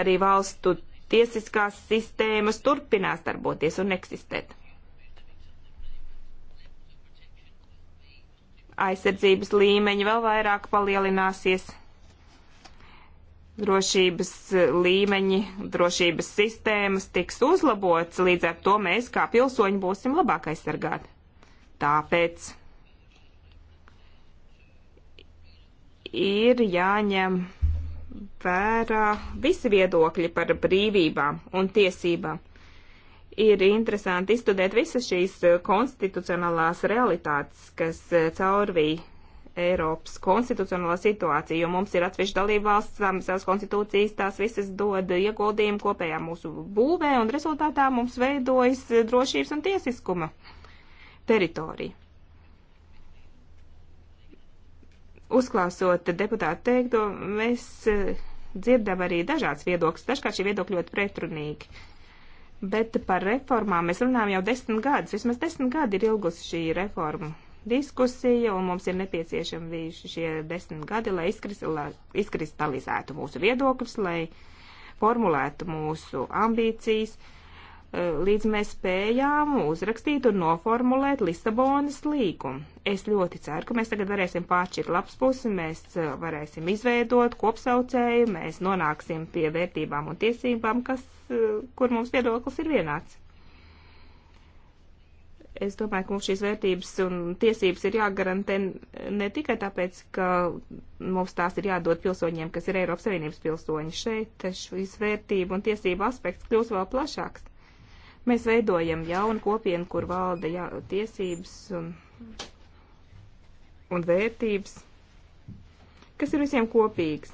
Arī valstu tiesiskās sistēmas turpinās darboties un eksistēt. Aizsardzības līmeņi vēl vairāk palielināsies. Drošības eh, līmeņi, drošības sistēmas tiks uzlabots, līdz ar to mēs kā pilsoņi būsim labāk aizsargāti. Tāpēc ir jāņem vērā visi viedokļi par brīvībām un tiesībām. Ir interesanti izstudēt visas šīs konstitucionālās realitātes, kas eh, caurvīja Eiropas konstitucionālā situācija, jo mums ir atsevišķi dalība valsts, savas konstitūcijas, tās visas dod ieguldījumu kopējā mūsu būvē, un rezultātā mums veidojas eh, drošības un tiesiskuma teritorija. uzklausot deputātu teikto, mēs eh, dzirdam arī dažādas viedokļas. Dažkārt šie viedokļi ļoti pretrunīgi. Bet par reformām mēs runājam jau desmit gadus. Vismaz desmit gadi ir ilgusi šī reforma diskusija, un mums ir nepieciešami visi šie desmit gadi, lai izkristalizētu mūsu viedokļus, lai formulētu mūsu ambīcijas. Uh, Eh, līdz mēs spējām uzrakstīt un noformulēt Lisabonas līgumu. Es ļoti ceru, ka mēs tagad varēsim pāršķirt labs pusi, mēs eh, varēsim izveidot kopsaucēju, mēs nonāksim pie vērtībām un tiesībām, kas, eh, kur mums viedoklis ir vienāds. Es domāju, ka mums šīs vērtības un tiesības ir jāgarantē ne tikai tāpēc, ka mums tās ir jādod pilsoņiem, kas ir Eiropas Savienības pilsoņi. Šeit šīs vērtību un tiesību aspekts kļūs vēl plašāks Mēs veidojam jaunu kopienu, kur valda jā, tiesības un, un vērtības, kas ir visiem kopīgs.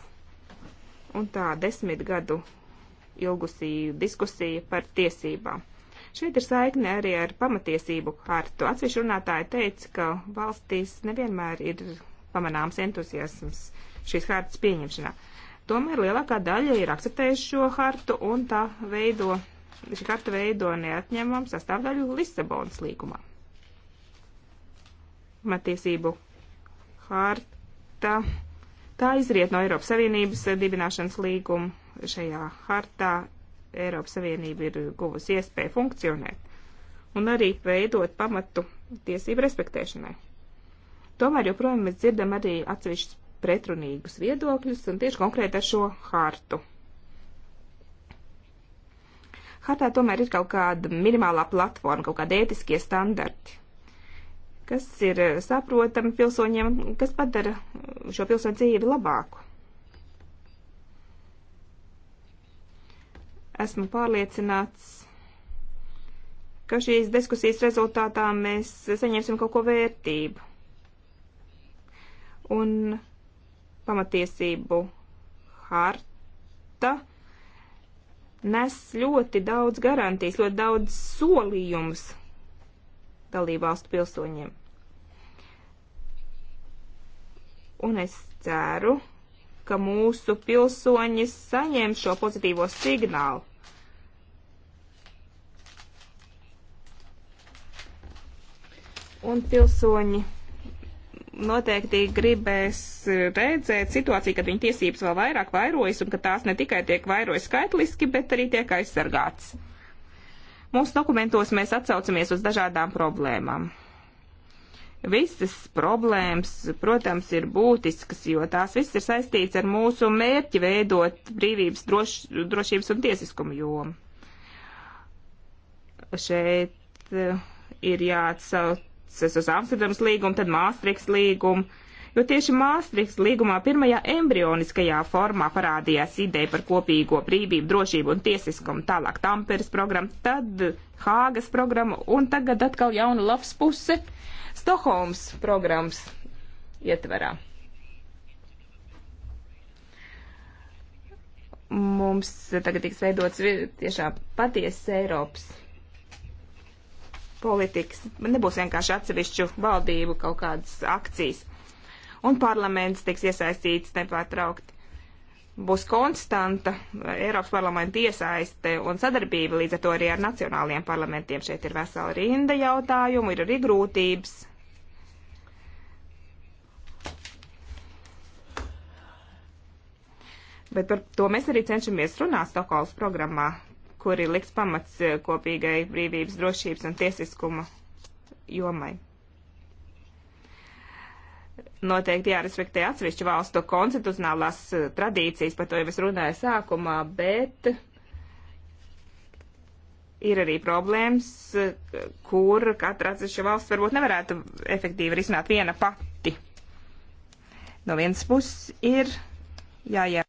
Un tā desmit gadu ilgusī diskusija par tiesībām. Šeit ir saikne arī ar pamatiesību hartu. Atsevišķi runātāji teica, ka valstīs nevienmēr ir pamanāms entuziasms šīs hartas pieņemšanā. Tomēr lielākā daļa ir akceptējuši šo hartu un tā veido šī harta veido neatņemamu sastāvdaļu Lisabonas līgumā. Matiesību harta. Tā izriet no Eiropas Savienības dibināšanas līguma. Šajā hartā Eiropas Savienība ir guvusi iespēju funkcionēt un arī veidot pamatu tiesību respektēšanai. Tomēr joprojām mēs dzirdam arī atsevišķus pretrunīgus viedokļus un tieši konkrēti ar šo hartu. Hartā tomēr ir kaut kāda minimālā platforma, kaut kādi ētiskie standarti, kas ir eh, saprotami pilsoņiem, kas padara eh, šo pilsoņu dzīvi labāku. Esmu pārliecināts, ka šīs diskusijas rezultātā mēs saņemsim kaut ko vērtību un pamatiesību harta nes ļoti daudz garantijas, ļoti daudz solījumus dalībvalstu pilsoņiem. Un es ceru, ka mūsu pilsoņi saņem šo pozitīvo signālu. Un pilsoņi noteikti gribēs eh, redzēt situāciju, kad viņa tiesības vēl vairāk vairojas un ka tās ne tikai tiek vairojas skaitliski, bet arī tiek aizsargātas. Mūsu dokumentos mēs atsaucamies uz dažādām problēmām. Visas problēmas, protams, ir būtiskas, jo tās viss ir saistīts ar mūsu mērķi veidot brīvības, droš, drošības un tiesiskumu jomu. Šeit eh, ir jāatsauc atsaucas uz Amsterdams līgumu, tad Māstriks līgumu, jo tieši Māstriks līgumā pirmajā embrioniskajā formā parādījās ideja par kopīgo brīvību, drošību un tiesiskumu, tālāk Tamperes programma, tad Hāgas programma un tagad atkal jauna labs puse Stokholmas programmas ietverā. Mums tagad tiks veidots tiešām patiesas Eiropas politikas. Nebūs vienkārši atsevišķu valdību kaut kādas akcijas. Un parlaments tiks iesaistīts nepārtraukti. Būs konstanta Eiropas parlamenta iesaiste un sadarbība līdz ar to arī ar nacionālajiem parlamentiem. Šeit ir vesela rinda jautājumu, ir arī grūtības. Bet par to mēs arī cenšamies runāt Stokholmas programmā kur ir liks pamats eh, kopīgai brīvības, drošības un tiesiskuma jomai. Noteikti jārespektē atsevišķu valstu konstitucionālās eh, tradīcijas, par to jau es runāju sākumā, bet ir arī problēmas, eh, kur katra atsevišķa valsts varbūt nevarētu efektīvi risināt viena pati. No vienas puses ir jāiet. Jā